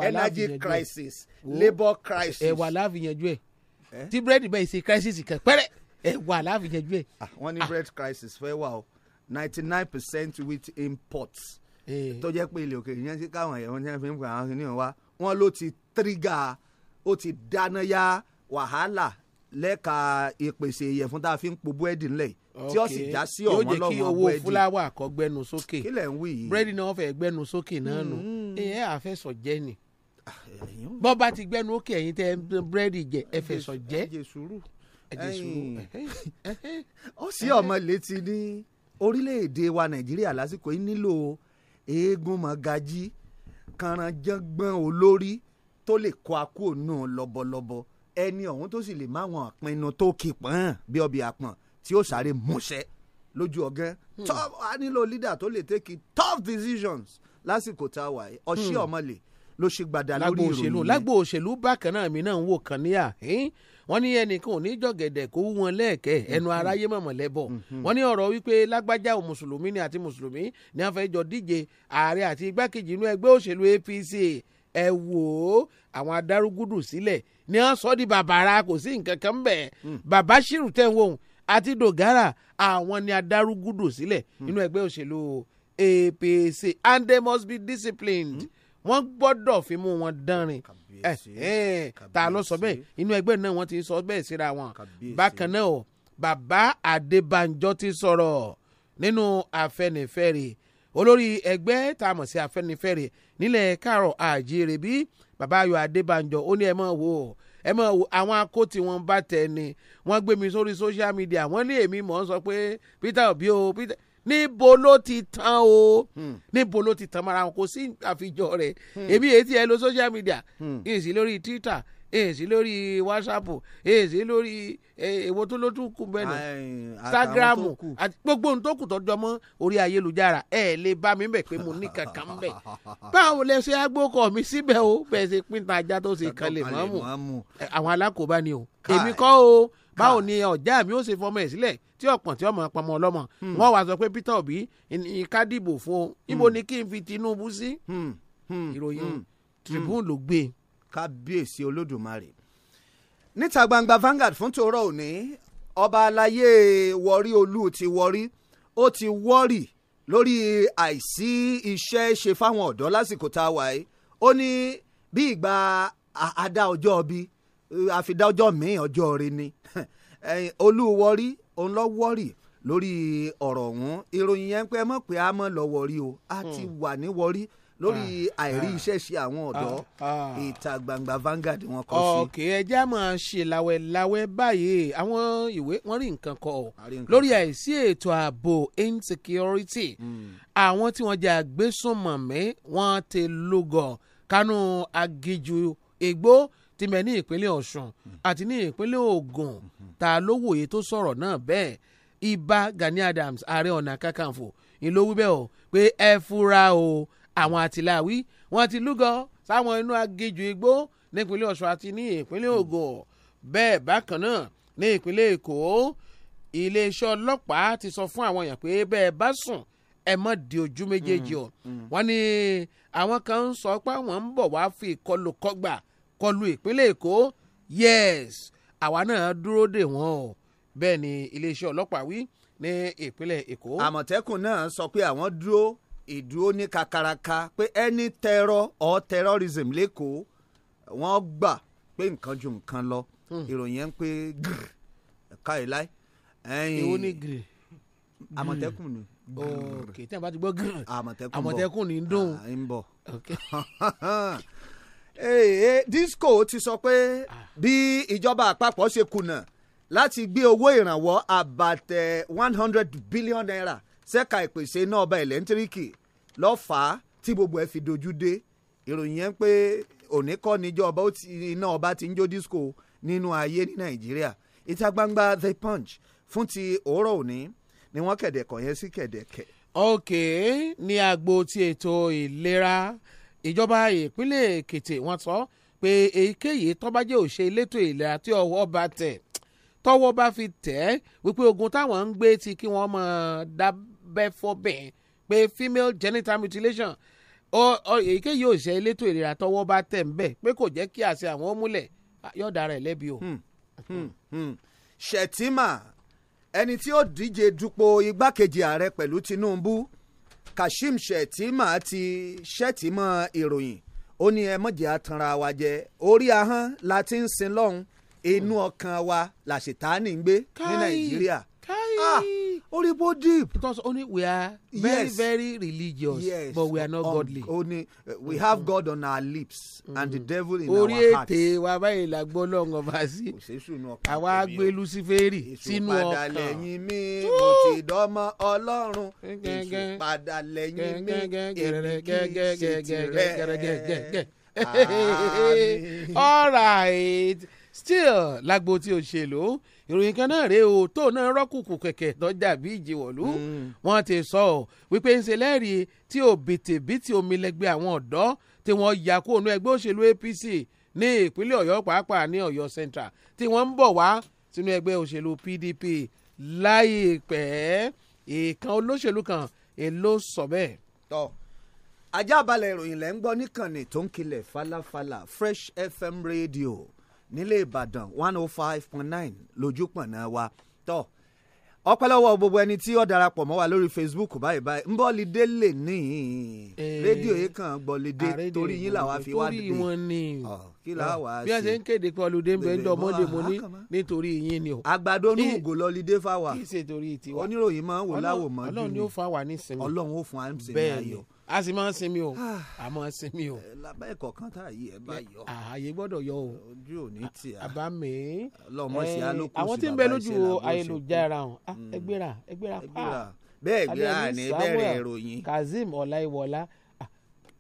energy crisis labour crisis. ẹ̀wà láàfìyànjú ẹ̀ tí búrẹ́dì bẹ́ẹ̀ ṣe crisis kan pẹ́rẹ́ ẹ̀wà láàfìyànjú ẹ̀. Ah, wọ́n ní ah. bread crisis fẹ́ wà o ninety nine percent with imports Eh. tó jẹ́ pé ilé òkèèrè yẹn ti káwọn ẹ̀wọ̀n yẹn fi ń pa àwọn kìnìún wa wọ́n ló ti tírígà ó ti dáná yá wàhálà lẹ́ka ìpèsè ìyẹ̀fun tá a fi ń po búrẹ́dì ńlẹ̀ tí ó sì já sí ọ̀wọ́n lọ́wọ́ búrẹ́dì. yóò jẹ́ kí owó fúláwà kọ́ gbẹnu sókè kílẹ̀ ń wí yìí búrẹ́dì náà fẹ́ gbẹnu sókè náà nù hmm. eh, ẹ̀ àfẹ́sọ̀ jẹ́ ni ah, bọ́ bá ti gbẹnu òkè ẹ̀yin tẹ́ búrẹ́dì jẹ ẹ̀fẹ̀sọ̀ jẹ́ ẹ̀jẹ̀ sùúrù ó sì ọmọ létí ní orílẹ̀-èdè wa Nàìjíríà lásìkò yìí nílò eégún mọ̀gájí kàràǹjọ̀gbọ́n olórí tó lè kó akú òun lọ́bọ̀lọ́bọ̀ ẹni ọ̀hún tó sì lè máwọn àpinnu tó kì pọ́n bí ọbẹ̀ àpọ̀n tí ó sáré múṣẹ́ lójú ọ̀gán tough a nílò leader tó lè take tough decisions lásìkò tá a wà yìí ọ̀ṣì hmm. ọ̀mọ̀lẹ̀ ló ṣe gbàdá lórí ìròyìn lágbo òṣèlú bákan náà mi náà ń wò kàn níyà wọ́n ní ẹnìkan ò ní jọ̀gẹ̀dẹ̀ kó wú wọn lẹ́ẹ̀kẹ́ ẹnu mm-hmm. aráyé mọ̀mọ́ lẹ́bọ̀ mm-hmm. wọ́n ní ọ̀rọ̀ wípé lágbájá mùsùlùmí ni àti mùsùlùmí ni wọ́n fẹ́ jọ díje ààrẹ àti igbákejì inú ẹgbẹ́ òṣèlú APC ẹ wò ó àwọn adárúgúdù sílẹ̀ ni wọ́n sọ di bàbàrà kò sí nǹkan kan bẹ́ẹ̀ mm. bàbá ṣírù tẹ̀ àti dògárà àwọn ni adárúgúdù sílẹ̀ mm. inú ẹgbẹ́ òṣèlú APC and they must be disciplined mm-hmm. wọ́n gbọ́dọ̀ fimú wọn dánrin Eh, eh, ta ló sọ bẹ́ẹ̀ inú ẹgbẹ́ náà wọ́n ti sọ bẹ́ẹ̀ síra wọn bákan náà o bàbá Adébánjọ ti sọ̀rọ̀ nínú Afẹ́nifẹ́re olórí ẹgbẹ́ tá a mọ̀ sí Afẹ́nifẹ́re nílẹ̀ káàrọ̀ àjíire bí bàbá Ayọ̀ Adébánjọ ó ní ẹ máa wò ó ẹ mọ̀ wò àwọn akó tí bá tẹ̀ ni wọ́n gbé mi sórí social media wọ́n lé èmi mọ̀ sọ pé Peter Obi o Peter níbo ló ti tán o hmm. níbo ló ti tán mara wọn kò sí àfijọ rẹ hmm. èmi ètí ẹ lo social media èsì hmm. lórí Twitter èsì lórí WhatsApp èsì lórí e, èwo tó ló tún kú bẹ́ẹ̀ Instagram gbogbo ohun tó kù tọ́jọ́ mọ́ orí ayélujára ẹ lè bá mi bẹ̀ pé mo ní kankan ń bẹ̀ <laughs> báwo lẹ ṣe agbókọ̀ mi síbẹ̀ o bẹ́ẹ̀ ṣe pínta ajá tó ṣe kan lè mọ́ mu àwọn alákòóbá ni o èmi kọ́ o báwo ni ọ̀já mi ó ṣe fọmọ ẹ̀ sílẹ̀ tí ọ̀pọ̀n tí ọmọ pọmọ ọlọ́mọ hmm. wọn wàá sọ pé Peter Obi ìka dìbò fún un ibo hmm. ni kí n fi Tinubu sí hmm. ìròyìn Tribune ló gbé. kábíyèsí olódùmarè níta gbangba Vanguard fún tòórọ́ òní ọba aláyé wọrí olú ti wọrí ó ti wọ́rì lórí àìsí iṣẹ́ ṣe fáwọn ọ̀dọ́ lásìkò tá a wà yìí ó ní bí ìgbà àádá ọjọ́ bíi àfidájọ́ míì ọjọ́ rẹ ni <laughs> olúwọrí òun lọ wọ́rì lórí ọ̀rọ̀ ọ̀hún ìròyìn yẹn pé ẹ mọ̀ pé a mọ̀ lọ wọ̀rí o a hmm. ti wà ní wọ̀rí lórí ah. àìrí ah. iṣẹ́ ṣe àwọn ọ̀dọ́ ah. ìta gbangba Vanguard wọn kọ sí. ọ̀kẹ́ ẹjẹ́ máa ṣe láwẹ́láwẹ́ báyìí àwọn ìwé wọn rí nǹkan kọ lórí àìsí ètò ààbò insecurity hmm. àwọn tí wọ́n jẹ́ àgbésùnmọ̀mí wọ́n ti lúgọ̀ kánú agiju igbó ti mẹ ní ìpínlẹ̀ Ọ̀ṣun hmm. àti ní ìpínlẹ̀ Ògùn hmm, hmm. ta ló wòye tó sọ̀rọ̀ náà bẹ́ẹ̀ Ìbà Gani Adams Ààrẹ Ọ̀nà Kakanfò ìlówí bẹ́ẹ̀ o pé ẹ fura o àwọn àtìláwí wọn ti lúgọ sáwọn inú agéjù igbó nípínlẹ̀ Ọ̀ṣun àti ní ìpínlẹ̀ Ògùn bẹ́ẹ̀ bákan náà ní ìpínlẹ̀ Èkó iléeṣẹ́ ọlọ́pàá ti sọ fún àwọn èèyàn pé bẹ́ẹ̀ bá sùn ẹ mọ̀ di ojú méjèèjì o wọ́n ní àwọn kan ń sọ pé àwọn ń bọ̀ wá fi ìkọlù kọgbà kọlu ìpínlẹ̀ èkó yes àwa náà dúró dè wọ́n o bẹ́ẹ̀ ni iléeṣẹ́ ọlọ́pàá wí ní ìpínlẹ̀ èkó. àmọ̀tẹ́kùn náà sọ pé àwọn dúró ìdúró ní kakaraka pé any terror or terrorism lẹ́kọ̀ọ́ wọ́n gbà pé nǹkan ju nǹkan lọ hmm. ìròyìn yẹn ń pé gírì ẹ̀ka ìláì. ìwọ ni gírì. àmọ̀tẹ́kùn ni ok tí a bá ti gbọ́ gírì àmọ̀tẹ́kùn ni ń dùn. à <laughs> Eh, eh, disco ti sọ pé ah. bí ìjọba àpapọ̀ ṣe kùnà láti gbé owó ìrànwọ́ àbàtẹ̀ one hundred billion naira ṣẹ́ka ìpèsè iná ọba ẹ̀lẹ́ńtíríkì lọ́fàá tí gbogbo ẹ̀ fi dojú dé ìròyìn yẹn pé òní kọ́ níjọba iná ọba ti ń jó disco nínú ayé ní nàìjíríà ìta gbangba the punch fún ti òórọ̀ òní ni wọ́n kẹ̀dẹ̀kọ̀ yẹn sí kẹ̀dẹ̀kẹ̀. ok ní agbo ti ètò ìlera. E ìjọba ìpínlẹ̀ èkìtì wọ́n sọ pé èyíkéyìí tọ́bájẹ́ òṣè elétò ilẹ̀ àti ọwọ́ bá tẹ̀ tọ́wọ́ bá fi tẹ̀ wípé ogun táwọn ń gbé ti kí wọ́n mọ̀ dábẹ́ fọ́bẹ̀ pé female genital mutilation èyíkéyìí òṣè elétò ìlera tọ́wọ́ bá tẹ̀ ń bẹ̀ pé kò jẹ́ kí àṣẹ àwọn ó múlẹ̀ yọ̀ọ̀dà rẹ̀ lẹ́bi o. Shettima hmm. hmm. hmm. ẹni tí ó díje dupò igbákejì ààrẹ pẹ̀lú Tinubu Kashim Shetima ti Shetima ìròyìn ó ní ẹ mọ̀jẹ̀ atanra wa jẹ orí ahọ́n la ti ń sin lọ́hún inú ọkàn wa làṣetánì ní Nàìjíríà ah orí bó deep. because only we are very yes. very religious yes. but we are not um, godly. only uh, we have mm. God on our lips mm. and the devil in orí our hearts. orí ètè wa báyìí la gbọ́ lọ́ngàn bá sí. àwa gbé lucifere sínú ọkàn. èṣù padà lẹ́yìn mi mo ti dọ́mọ ọlọ́run èṣù padà lẹ́yìn mi èmi kì í ṣe tirẹ̀. all right still lágbo tí o ṣe lò ó ìròyìn kan náà rèé o tó náà rọ́kùnkùn kẹ̀kẹ́ tọ́jà bí ìjìwọ̀lú hmm. wọ́n ti sọ ọ́ wípé ń ṣe lẹ́rìí tí ò bìtìbìtì omi lẹ́gbẹ́ àwọn ọ̀dọ́ tí wọ́n ya kó onú ẹgbẹ́ òṣèlú APC ní ìpínlẹ̀ Ọ̀yọ́ pàápàá ní Ọ̀yọ́ Central tí wọ́n ń bọ̀ wá sínú ẹgbẹ́ òṣèlú PDP láìpẹ́ èèkan olóṣèlú kan èló sọ bẹ́ẹ̀. tọ́ ajá balẹ̀ ìròyìn lẹ́ ń gbọ́ níkànnì tó ń kilẹ̀ falafala Fresh FM rédíò nílé ìbàdàn one oh five point nine lójú pọ̀nà wa tọ́ ọpẹ́ lọ́wọ́ gbogbo ẹni tí ó darapọ̀ mọ́ wa lórí Facebook báyìí báyìí ń bọ́ lidé lè ní eh, rédíò yìí kan gbọ́ lidé torí yín làwa fi wá dìde torí wọn ni kí la wá sí. bí a ṣe ń kéde pé ọlùdé ń bẹ ń dọmọdé mo ní nítorí yín ni o. àgbàdo ní ògò lọ lidé fáwa oníròyìn máa ń wò láwò mọ́ bí mi ọlọ́run ni ó fún wa ní sinmi ọlọ́run ó fún wa ní sinmi a sì máa ń sinmi o ah. a máa ń sinmi o. Eh, lábẹ́ ẹ̀kọ́ kan tá a yí ẹ bá yọ. ààyè gbọ́dọ̀ yọ o. ojú ò ní tì á. àbá mi. lọmọ eh, sí alókùsì bàbá ìṣẹ̀lẹ̀ àwọn tí ń bẹ lójú ayélujára hàn ah, mm. ẹgbẹ́ra ẹgbẹ́ra pa ah, bẹ́ẹ̀ gbéra ní bẹ̀rẹ̀ ìròyìn. kazeem ọláìwọlá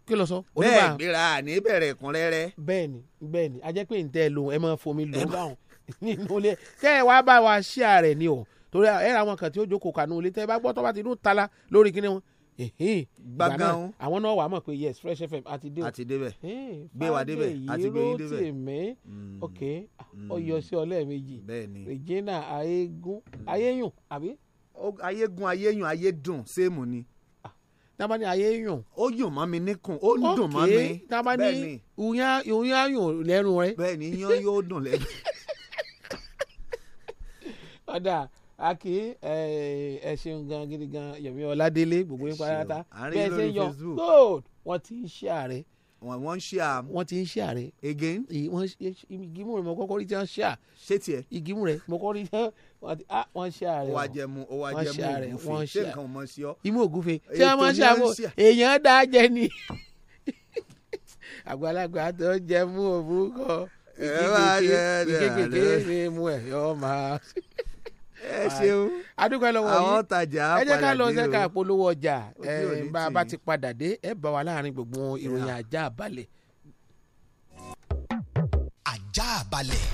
kí ló sọ. bẹ́ẹ̀ gbéra ní bẹ̀rẹ̀ ẹ̀kúnrẹ́rẹ́. bẹ́ẹ̀ni bẹ́ẹ̀ni a jẹ́ pé n lo ẹ máa fomi lò báwọn <laughs> nínú ilé tẹ ẹ wá bá wa ṣí ààrẹ ni o torí ẹ ra àwọn kan tí ó jókòó kanú ilé tẹ ẹ bá gbọ́ tó bá ti dún tala lórí kíní wọn gbàgán àwọn náà wà á mọ̀ pé yes fresh fm àti dé àti débẹ̀ gbé wa débẹ̀ àti gbé yín débẹ̀ tèmí mm. ok ọyọ mm. sí ọ lẹ́ẹ̀mejì regina ayégún mm. ayéyùn àbí. ayégún ayéyùn ayédùn séèmù ni. Ah, tábà ní ayéyùn. ó yùn mọ́ mi níkùn ó ń dùn mọ́ mi ok tábà ní ìyáyùn lẹ́nu rẹ. bẹ́ẹ̀ni yán yóò dùn lẹ́nu. ọ̀dà <laughs> aki ẹ ṣeun gan gidi gan Yẹmí Ọládélé gbogbo yín pátá bẹ́ẹ̀ ṣe ń yọ gold wọ́n ti ń ṣe ààrẹ wọ́n ń ṣe à. wọ́n ti ń ṣe àrẹ. again. wọ́n ìgímù rẹ̀ mo kọ́kọ́ rí tí wọ́n ṣe à. ṣé tiẹ̀. ìgímù rẹ̀ mo kọ́kọ́ rí tí wọ́n ah, ṣe àrẹ. owó ajẹmu owó ajẹmu ògúfe ṣé nǹkan mọ̀ sí ọ. imú ògúfe ṣé wọ́n máa ń ṣe àmú èèyàn dá jẹ ni. <laughs> àgbàlagbà tó jẹ mú òbúkọ ìkékèké ni mu ẹ̀ yọ máa. <laughs> ẹ ṣeun adúgbò lọ́wọ́ yìí àwọn tajà á padà dé o ẹ jẹ́ ká lọ sẹ́ka polówó ọjà bá a bá ti padà dé ẹ bá wa láàrin gbogbo ìròyìn ajá balẹ̀. ajá balẹ̀.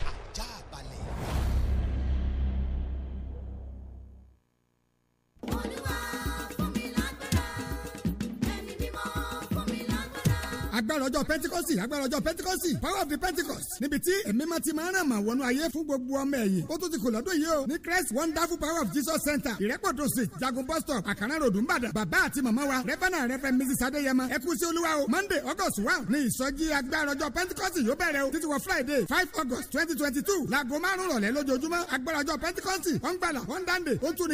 agbára ọjọ́ pentikọ́sì agbára ọjọ́ pentikọ́sì power of the pentikọ́sì níbi tí èmi máa ti máa ràn mà wọnú ayé fún gbogbo ọmọ ẹ̀yìn ó tún ti kò lọ́dún yìí o ní christ wonderful power of jesus center ìrẹ́pọ̀tò sí jagun bus stop àkàrà ròdù ńbàdàn bàbá àti màmá wa rẹ́fẹ̀nà rẹ́fẹ̀ mrs adéyẹmọ ẹ kú sí olúwa o monday august one ní ìsọjí agbára ọjọ́ pentikọ́sì yóò bẹ̀rẹ̀ o títí wọ friday five august twenty twenty two laago márùn rọ̀lẹ́ lójoojúmọ́ agbára ọjọ́ pentikọ́sì ọ̀ngbàlà ọ̀ndàndè ó tún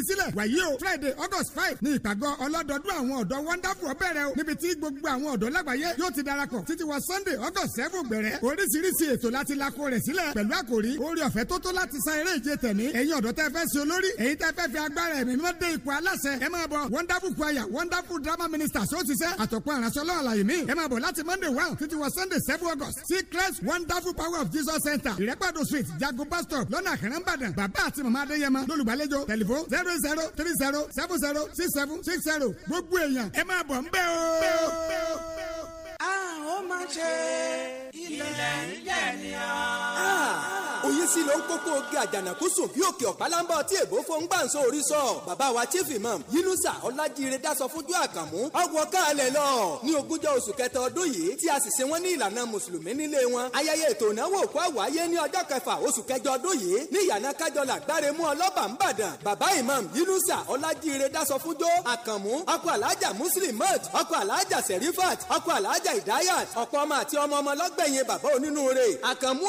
friday august five ní ìpàgọ́ ọlọ́dọọdún àwọn ọ̀dọ́ wonderful ọbẹ̀rẹ̀ o níbi tí gbogbo àwọn ọ̀dọ́ lágbàáyé yóò darapọ̀ títí wa sunday august seven gbẹ̀rẹ̀ oríṣiríṣi ètò láti lako rẹ̀ sílẹ̀ pẹ̀lú àkòrí orí ọ̀fẹ́ tó tó láti san eré ìje tẹ̀mí ẹ̀yin ọ̀dọ́ tẹ́ fẹ́ ṣe olórí èyí tẹ́ fẹ́ fi agbára ẹ̀mí mímọ́ dé ipò aláṣẹ ẹ máa bọ̀ wonderful choir wonderful drama minister ṣó ti sẹ́ àtọ̀pọ̀ àránṣọ́lọ́ àlàyé mi ẹ máa bọ̀ láti monday one títí wa sunday seven august sí christ wonderful power of jesus center ìrẹ́pàdé street jago bus stop lọ́nà àkàràǹbàdàn bàbá àti màmá adéyẹmọ lólùgbàlejò tẹlifon zero zero three zero seven zero six seven six zero gbogbo èèyàn ẹ máa bọ̀ ń bẹ̀ o. a ó ma ṣe ilẹ̀ ńlẹ̀ ni a òye ah, sí ló ń kókó oge àjànàkú sùn bí òkè ọ̀pálábá ọtí èbó fún gbàǹso bàbá wa chief imam yunusa ọlájíire dáṣọ fúnjú àkànmú ọwọ́ káàlẹ̀ lọ ní ogúnjọ́ oṣù kẹta ọdún yìí tí a sì ṣe wọ́n ní ìlànà mùsùlùmí nílé wọn ayẹyẹ ètò ìnáwó òkú àwáyé ní ọjọ́ kẹfà oṣù kẹjọ ọdún yìí ní ìyànà ọlọ́bà imam Elijah Idayat ọ̀pọ̀ ọmọ àti ọmọ ọmọ lọ́gbẹ̀yìn bàbá onínúure àkànmú o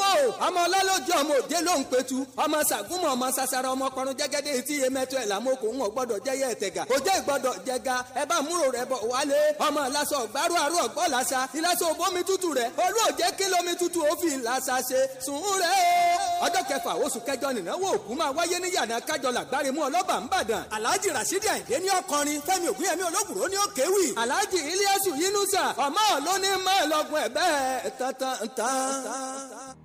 ọmọ ọlọ́lọ́jọ́ ọmọ òde ló ń petu ọmọ sàgúnmọ̀ ọmọ sasara ọmọ kọrun jẹ́gẹ́dẹ́ etí emẹ́tọ́ ẹ̀ lámókò ń wọ̀ gbọ́dọ̀ jẹ́yẹ ẹ̀tẹ̀gà òjẹ́ ìgbọ́dọ̀ jẹga ẹ bá múrò rẹ bọ̀ wálé ọmọ lásọ gbárù àrù ọ̀gbọ́ làṣà ìlàsọ òbómi tútù rẹ olú òjẹ́ kílómi tútù ó fi ṣe sùn rẹ ọjọ́ kẹfà oṣù kẹjọ nìnáwó òkú máa wáyé ní yàrá kájọ ọlọ ó ní mẹ́ẹ̀ẹ́dọ́gbọ̀n ẹ̀ bẹ́ẹ̀ tán tán tán.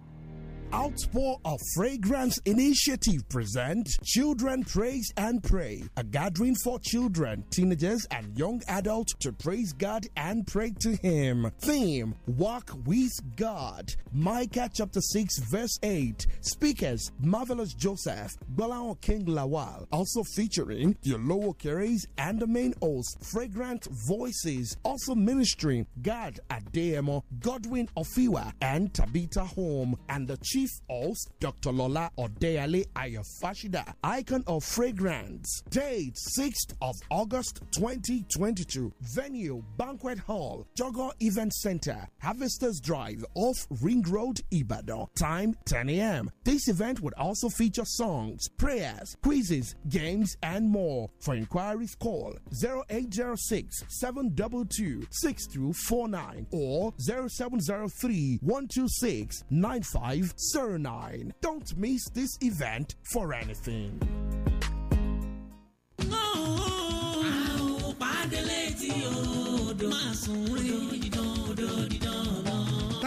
Outpour of Fragrance Initiative present Children Praise and Pray, a gathering for children, teenagers, and young adults to praise God and pray to Him. Theme Walk with God. Micah chapter 6, verse 8. Speakers Marvelous Joseph, Balaon King Lawal, also featuring Yolowo Keres and the main host, Fragrant Voices, also ministering God Ademo, Godwin Ofiwa, and Tabitha Home, and the Chief Ols, Dr. Lola Odeale Ayafashida, Icon of Fragrance. Date 6th of August 2022. Venue Banquet Hall, Jogo Event Center, Harvesters Drive off Ring Road, Ibadan. Time 10 a.m. This event would also feature songs, prayers, quizzes, games, and more. For inquiries, call 0806 722 6249 or 0703 126 95 9 Don't miss this event for anything. Oh, oh, oh,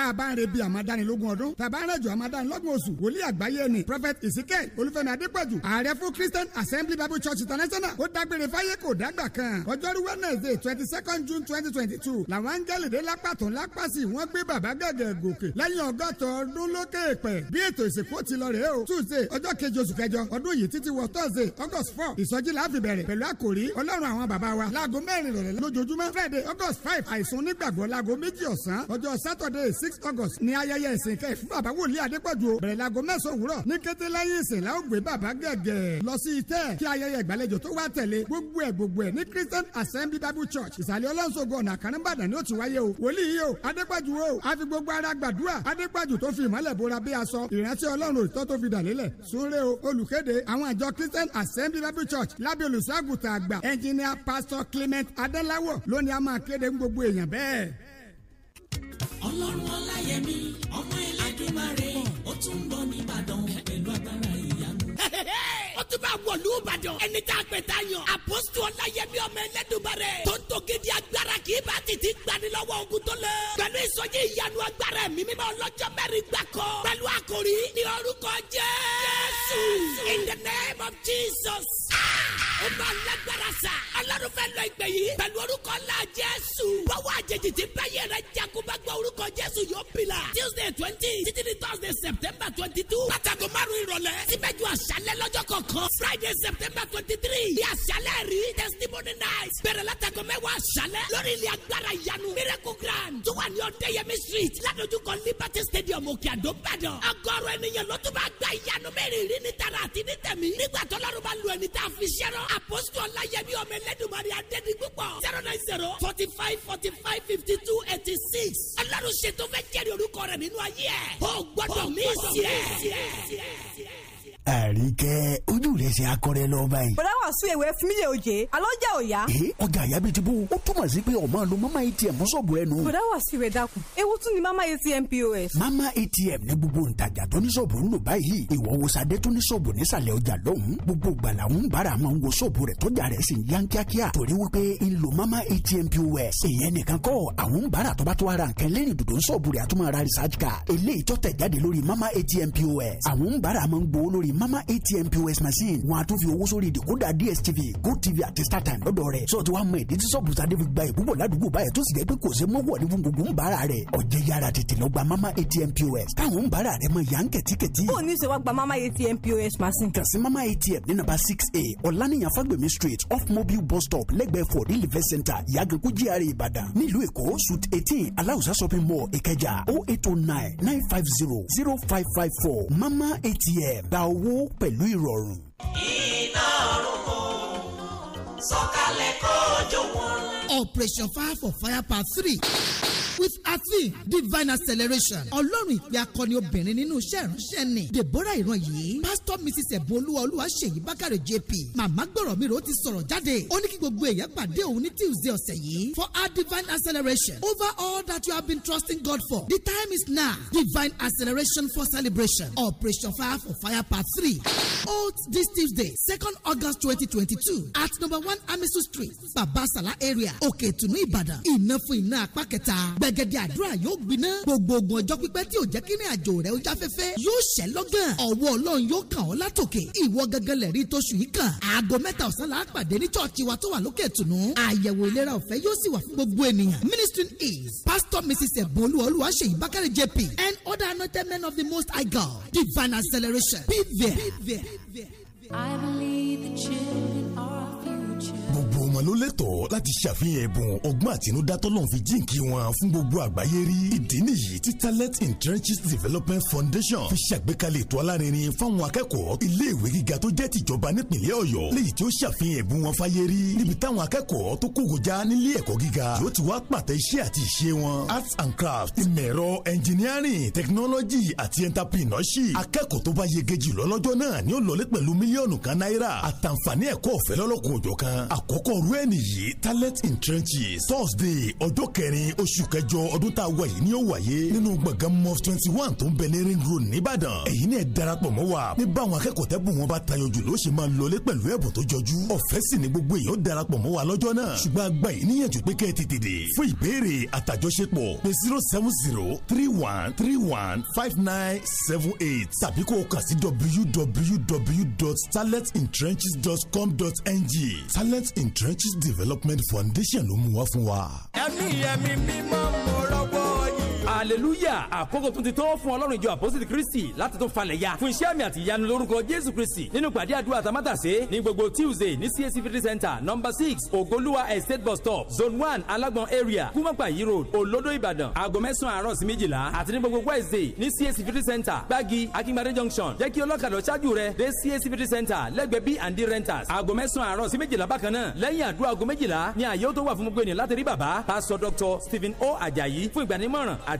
tá a bá ń rebi àmàdánilógún ọdún tá a bá ń rẹ̀jọ àmàdánilógún oṣù wòlíì àgbáyé ni prophet ezekiel olúfẹ́mi adépọ̀jù ààrẹ fún christian assembly bible church international ó dágbére fáyé kò dágbà kan ọjọ́rú wednesday twenty second june twenty twenty two làwọn áńgẹ́lì dé lápàtàn lápàsì wọ́n gbé bàbá gẹ́gẹ́ gòkè lẹ́yìn ọgọ́ta ọdún lókè pẹ̀ bí ètò ìsìnkú ti lọ rèé o tuesday ọjọ́ kejì oṣù kẹjọ ọdún yìí títí wọ thursday august four ìsọjí la fi bẹ̀rẹ̀ pẹ̀lú àkòrí ọlọ́run àwọn bàbá wa láago mẹ́rin rọ̀lẹ́ lójoojúmọ́ friday august five àìsùn nígbàgbọ́ láago méjì ọ̀sán ọjọ́ saturday six six august ní ayẹyẹ ìsìn kẹ́ fún bàbá wòlíì adépọ̀jù bẹ̀rẹ̀ láago mẹ́sàn-án òwúrọ̀ ní kété lẹ́yìn ìsìn la ó gbé bàbá gẹ̀gẹ̀ lọ sí itẹ́ kí ayẹyẹ ìgbàlejò tó wá tẹ̀lé gbogbo ẹ̀ gbogbo ẹ̀ ní christian assembly bible church ìsàlẹ̀ ọlọ́sọ̀gọ̀ ọ̀nà àkànnìbàdàn ni ó ti wáyé o wòlíì o adépọ̀jù o a fi gbogbo ara gbàdúrà adépọ̀jù tó fi ìmọ̀lẹ̀ bora bí aṣọ ìrántí ọlọ́run òtítọ́ tó fi dà lélẹ̀ súnrẹ́ o olùkéde àwọn àjọ christian assembly bible church lábẹ́ olùṣọ́ àgùntàn àgbà engineer pastor clement adélawọ̀ lónìí a máa kéde gbogbo èèyàn bẹ́ẹ̀ ọlọ́run ọláyẹmí ọmọ ẹlẹ́dùnmáre ó tún ń bọ̀ nìbàdàn pẹ̀lú agbára ìyanu. ó tún bá wọ̀lú ìbàdàn ẹni tá a pè tá a yàn àpòsù ọláyẹmí ọmọ ẹlẹ́dùnmáre tó ń tògidì agbára kì í bá títí gbani lọ́wọ́ ogun tó lé. pẹ̀lú ìsọjí ìyanu agbára ẹ̀mí mímọ́ ọlọ́jọ́ mẹ́rin gbàkọ pẹ̀lú àkòrí ní orúkọ Jésù in the name of Jesus ah! ó bá lágbára sáà ọlọ́run fẹ́ lọ ìgbẹ́ yìí pẹ̀lú orúkọ ńlá jésù bọ́wọ́ àjèjì ti báyẹ̀ rẹ jagunba gba orúkọ jésù yóò bila tuesday twenty títí di thursday september twenty two pátákó márùn ìrọ̀lẹ́ síbẹ̀jú àṣálẹ́ lọ́jọ́ kọ̀ọ̀kan friday september twenty three ní àṣálẹ́ rí testimony night bẹ̀rẹ̀ látàkó mẹ́wàá àṣálẹ́ lórí ilé agbára ìyanu miracle grand tó wà ní ọ̀dẹ́yẹmí street ládojúkọ liberty stadium òkè àdó gbàdàn àgọ́rọ̀ ènìyàn ló tún bá gba ìyanu mẹ́rin rí ní tara àti ní tẹ̀mí nígbà tó lọ́rùn bá lu ẹni tá a fi ṣẹ́rọ àpòsù ọ̀la yẹmi ọmọ ẹlẹ́d Olódùmarè adẹ́ni púpọ̀ zero nine zero forty five forty five fifty two eighty six Ọlọ́run ṣètò fẹ́ jẹ́rìí orúkọ rẹ̀ nínú ayé ẹ̀ ó gbọ́dọ̀ mí sí ẹ̀ àríkẹ́ ojú rẹ̀ ṣe akọrẹ lọ báyìí. bọ̀dá wà sún ewé fún mi lè oje alọ́jà òya. ee ọjà àyà bíi ti bó túmọ̀ sí pé ọmọ lo mama atm mọ́sọ̀bù ẹnu. bọ̀dá wà sí ìwé dákun ewu tún ni mama atm pos. mama atm ní gbogbo ntajà tó ní sọ̀bù ń lò báyìí ìwọ wo sadé tó ní sọ̀bù nísàlẹ̀ ọjà lọ́hùn gbogbo gbala ń bára máa wo sọ̀bù rẹ̀ tọ́jà rẹ̀ sì ń yan kíákíá torí mama atm pos. èèyàn nìkan kọ́ àwọn bára tó bá tó ara nǹkan lẹ́yìn dòdò ń sọ̀bù rẹ̀ mama atm pos. àwọn bára máa lórí mama atm pos machine wọn a tún fi owó sórí ìdìkódà dstv gotv àti startime lọ́dọ̀ rẹ̀ sọ ti wá mọ ìdí tí sọ́ọ̀bù sadé fi gba ìbúbọ̀ ládùúgbò báyẹn tó sì jẹ́ pé kò ṣe mọ́wọ́ ní gbogbo ń bára rẹ̀ ọ̀jẹ̀ yára tètè lọ gba mama atm pos táwọn ń bára rẹ̀ mọ yàn kẹ̀tíkẹ̀tí. ó ní sèwá gba mama atm pos machine. kàn mama atm ní nàbà six a ọ̀lànìyàn fagbemi street off mobile bus stop lẹ́gbẹ̀ẹ́ for the live center yagankun gra ìbàdàn nílùú èkó suit eighteen aláùsá shopping mall ìkẹjà o oh eight o oh nine nine five zero zero five five four mama atm gba owó owó pẹ̀lú ìrọ̀rùn. iná ọ̀run o sọ̀kalẹ̀ kọjú wọn. operation fire for fire part three with her divine acceleration ọlọ́run ìpè akọni obìnrin nínú iṣẹ́ ìránṣẹ́ ni deborah ìran yìí pastor mrs ẹ̀bùn olúwa olúwa ṣèyí bákàrẹ̀ jp màmá gbọ̀rọ̀ mi rò ti sọ̀rọ̀ jáde ó ní kí gbogbo èèyàn pàdé òun ní tuesday ọ̀sẹ̀ yìí for our divine acceleration over all that you have been trusting God for the time is now divine acceleration for celebration operation fire for fire part three hold this tuesday second august twenty twenty two at number one amisu street babasala area òkè ìtùnú ìbàdàn ìnáfún iná apá kẹta gbẹ gbàgede àdúrà yóò gbiná gbogbo ọjọ́ pípẹ́ tí ò jẹ́ kí ní àjò rẹ̀ ó jáfẹ́fẹ́ yóò ṣẹ́ lọ́gàn ọwọ́ ọlọ́run yóò kàn ọ́ látòkè ìwọ gangan lè rí tóṣù yìí kàn aago mẹ́ta ọ̀sán la pàdé ní chọ́ọ̀chì wa tó wà lókè tùnú àyẹ̀wò ìlera ọ̀fẹ́ yóò sì wà fún gbogbo ènìyàn ministry is pastor mrs ebolu olúwaṣeyí bákàrẹ jp and other anointed men of the most high god divine acceleration be I believe the children are àwọn ló lẹ́tọ̀ọ́ láti ṣàfihàn ẹ̀bùn ọgbọ́n àtinúdá tọ́lọ́run fi jíǹkí wọn fún gbogbo àgbáyé rí. ìdí nìyí tí talent in trenches development foundation fi ṣàgbékalẹ̀ ètò alárinrin fáwọn akẹ́kọ̀ọ́ iléèwé gíga tó jẹ́ tìjọba nípìnlẹ̀ ọ̀yọ́ léyìí tí ó ṣàfihàn ẹ̀bùn wọn fáyé rí níbi táwọn akẹ́kọ̀ọ́ tó kógojá nílé ẹ̀kọ́ gíga yóò ti wá pàtẹ iṣẹ́ arts and crafts ìmọ̀ engineering technology àti entrepreneurship akẹ́kọ̀ọ́ tó bá yege jù lọ́lọ́jọ́ náà ni ó lọlé pẹ̀lú mílíọ̀nù kan náírà irú ẹ̀ talent in trenches thursday ọjọ́ kẹrin oṣù kẹjọ ọdún tá a wà yìí ni wáyé nínú gbọ̀ngàn mọ́f twenty one tó ń bẹ ní ring road nìbàdàn èyí ni ẹ̀ darapọ̀ mọ́ wa ní báwọn akẹ́kọ̀ọ́ tẹ́bùn wọn bá tayọ jù ló ṣe máa lọlé pẹ̀lú ẹ̀bùn tó jọjú ọ̀fẹ́ sì ni gbogbo èèyàn darapọ̀ mọ́ wa lọ́jọ́ náà ṣùgbọ́n a gbà níyànjú pé kẹ́ ẹ tètè dé fún ìbéèrè àtàjọṣepọ̀ zero seven zero three one three one five nine seven eight tàbí kó www.talentintrenches.com.ng talent in trenches churches development foundation ló mú wá fún wa. ẹ̀mí ẹ̀mí mímọ́ mo rọ́gbọ́ yìí hallelujah àkókò tún ti tó fún ọlọ́run ìjọ àpọ́sítì kristi láti tún falẹ̀ ya fún iṣẹ́ àmì àti ìyanu lórúkọ jésù kristi nínú pàdé àdúrà tamátàsé ní gbogbo tuesday ní cac fifty center number six ogoluwa estate bus stop zone one Alagbon area kúmọ̀pàyí road olodo ìbàdàn aago mẹ́sàn-án àárọ̀ sí méjìlá àti ní gbogbo wednesday ní cac fifty center gbági akíngbadé junction jẹ́ kí ọlọ́kadà ṣáájú rẹ dé cac fifty center lẹ́gbẹ̀ẹ́ b and d renters aago mẹ́sàn-án àárọ̀ sí méjìlá bákan náà lẹ́yìn àdúrà aago méjìlá ni àyè ó tó wà stephen o ajayi fún ìgbanímọ̀ràn àti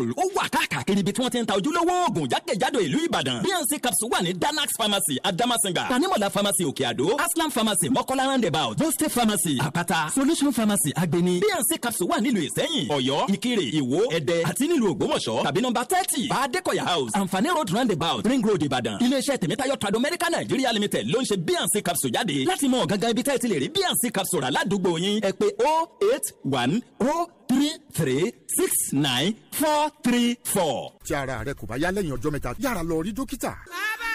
capsule ó wà káàkiri ibi tí wọ́n ti ń ta ojúlówó oògùn jákèjádò ìlú ìbàdàn bnc capsule wà ní danax pharmacy adamasinga tanimola pharmacy òkè àdó aslam pharmacy mọ́kọ́lá roundabout boste pharmacy àpáta solution pharmacy agbeni bnc capsule wà nílùú ìsẹ́yìn ọ̀yọ́ ìkirè ìwó ẹ̀dẹ́ àti nílùú ògbómọ̀ṣọ́ tàbí nọmba thirty bá house àǹfààní road roundabout ring road ìbàdàn iléeṣẹ́ tèmítáyọ̀ tradomedica nàìjíríà limited ló ń ṣe bnc capsule jáde láti mọ gangan ibi tẹ́ẹ̀ ti lè rí bnc capsule rà ládùúgbò yín ẹ pé 081 0 three three six nine four three four. tí ara rẹ kò bá yá lẹ́yìn ọjọ́ mẹ́ta yára lọ rí dókítà. bàbá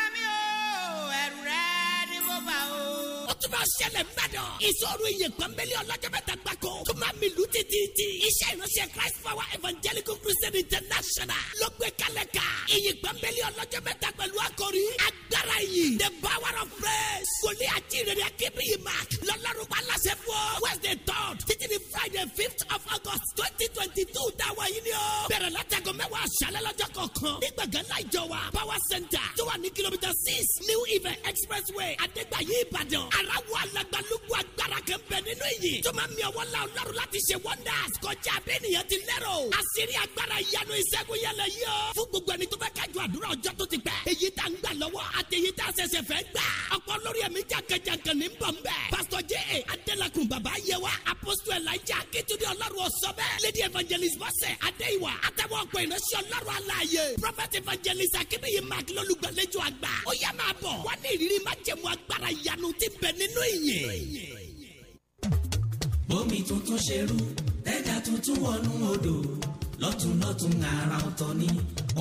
tún bá ṣẹlẹ̀ nbàdàn. ìṣòro iye pọ́nbélé ọlọ́jọ́ mẹ́ta gbáko tó máa mi lù títí. iṣẹ́ ìránṣẹ́ Christ Power Evangelical Christian International ló gbé kalẹ̀ ká. iye pọ́nbélé ọlọ́jọ́ mẹ́ta pẹ̀lú akọrí. agbára yìí the power of praise. kòlí àti ìrẹ̀lẹ̀ akébí yìí ma lọ́lọ́run pa láṣẹ fún ọ. Wednesday third títí di Friday fifth of August twenty twenty two dáwọ̀ yìí ni o. bẹ̀rẹ̀ látàgọ́ mẹ́wàá aṣálẹ̀ lọ́jọ́ kọ̀ọ̀kan. nígbàgán láìjọ wa power center tó wà ní kìlómítà six New Ife Expressway Adégbàyí Ìbàdàn. ara awo alagbalugu agbára kan bẹ nínú iyì tó máa mi ọwọ́ la ọlọ́run láti ṣe wonders kọjá abẹ́nìyàn ti lérò àṣírí agbára ìyanu ìṣẹ́gun yẹlẹ yọ. fún gbogbo ẹni tó fẹ́ kájú àdúrà ọjọ́ tó ti pẹ́. èyí tá ń gbà lọ́wọ́ àti èyí tá a ṣẹ̀ṣẹ̀ fẹ́ gbà. ọ̀pọ̀ lórí ẹ̀mí jàǹkànjàǹkàn ní bọ̀ ń bẹ̀. pásítọ̀ J A Adélakùn bàbá yẹ wa apostol Elijah akitunde ọlọ́run ọ̀sọ́ bẹ́ẹ̀. lady evangelist bọ́sẹ̀ adéyíwá àtẹ̀wọ́ ọ̀pọ̀ ìránṣẹ́ ọlọ́run prophet evangelist akínníyí mark lólùgbàlejò àgbà. ó yá máa bọ̀ wá ní ìrírí májẹ̀mú nínú ìyìn. bómi tuntun ṣe rú tẹ́jà tuntun wọnú odò lọ́tùnlọ́tùn àrà ọ̀tọ̀ ní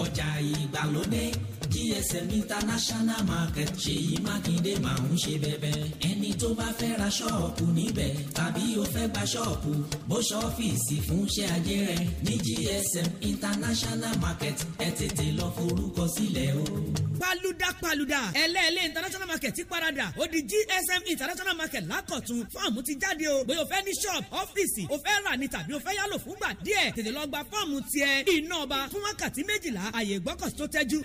ọjà ìgbàlódé gsm international market ṣèyí mákindé máa ń ṣe bẹ̀bẹ̀ ẹni tó bá fẹ́ ra ṣọ́ọ̀pù níbẹ̀ tàbí o fẹ́ gba ṣọ́ọ̀pù bó ṣọ́ọ̀fìsì fún iṣẹ́ ajé rẹ ní gsm international market ẹ tètè lọ forúkọ sílẹ̀ o. paluda paluda ẹlẹ́ẹ̀lẹ́ international market ti parada ó di gsm international market lákọ̀tún fọ́ọ̀mù ti jáde o bóyá o fẹ́ ní ṣọ́ọ̀pù ọ́fíìsì o fẹ́ rà ní tàbí o fẹ́ yálò fúngbà díẹ̀ tètè lọ gba fọ́ọ̀mù tiẹ̀ iná ọba fún wákàtí méjìlá àyè ìgbọ́kọ̀sí tó tẹ́jú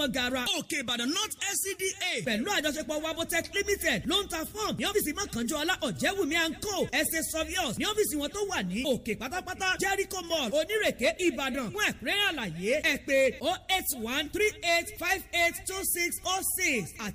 ọmọ gara òkè ìbàdàn north scda pẹ̀lú àjọṣepọ̀ wabotech limited ló ń ta fọ́ọ̀mù ní ọ́fíìsì mọ́kànjọ́lá ọ̀jẹ̀wùmí and co ẹ̀sẹ̀ sọ́fíọ́s ní ọ́fíìsì wọn tó wà ní òkè pátápátá jericho mall onírèké ìbàdàn fún ẹ̀kúnrẹ́rẹ́ àlàyé ẹ pè 08138582606 àti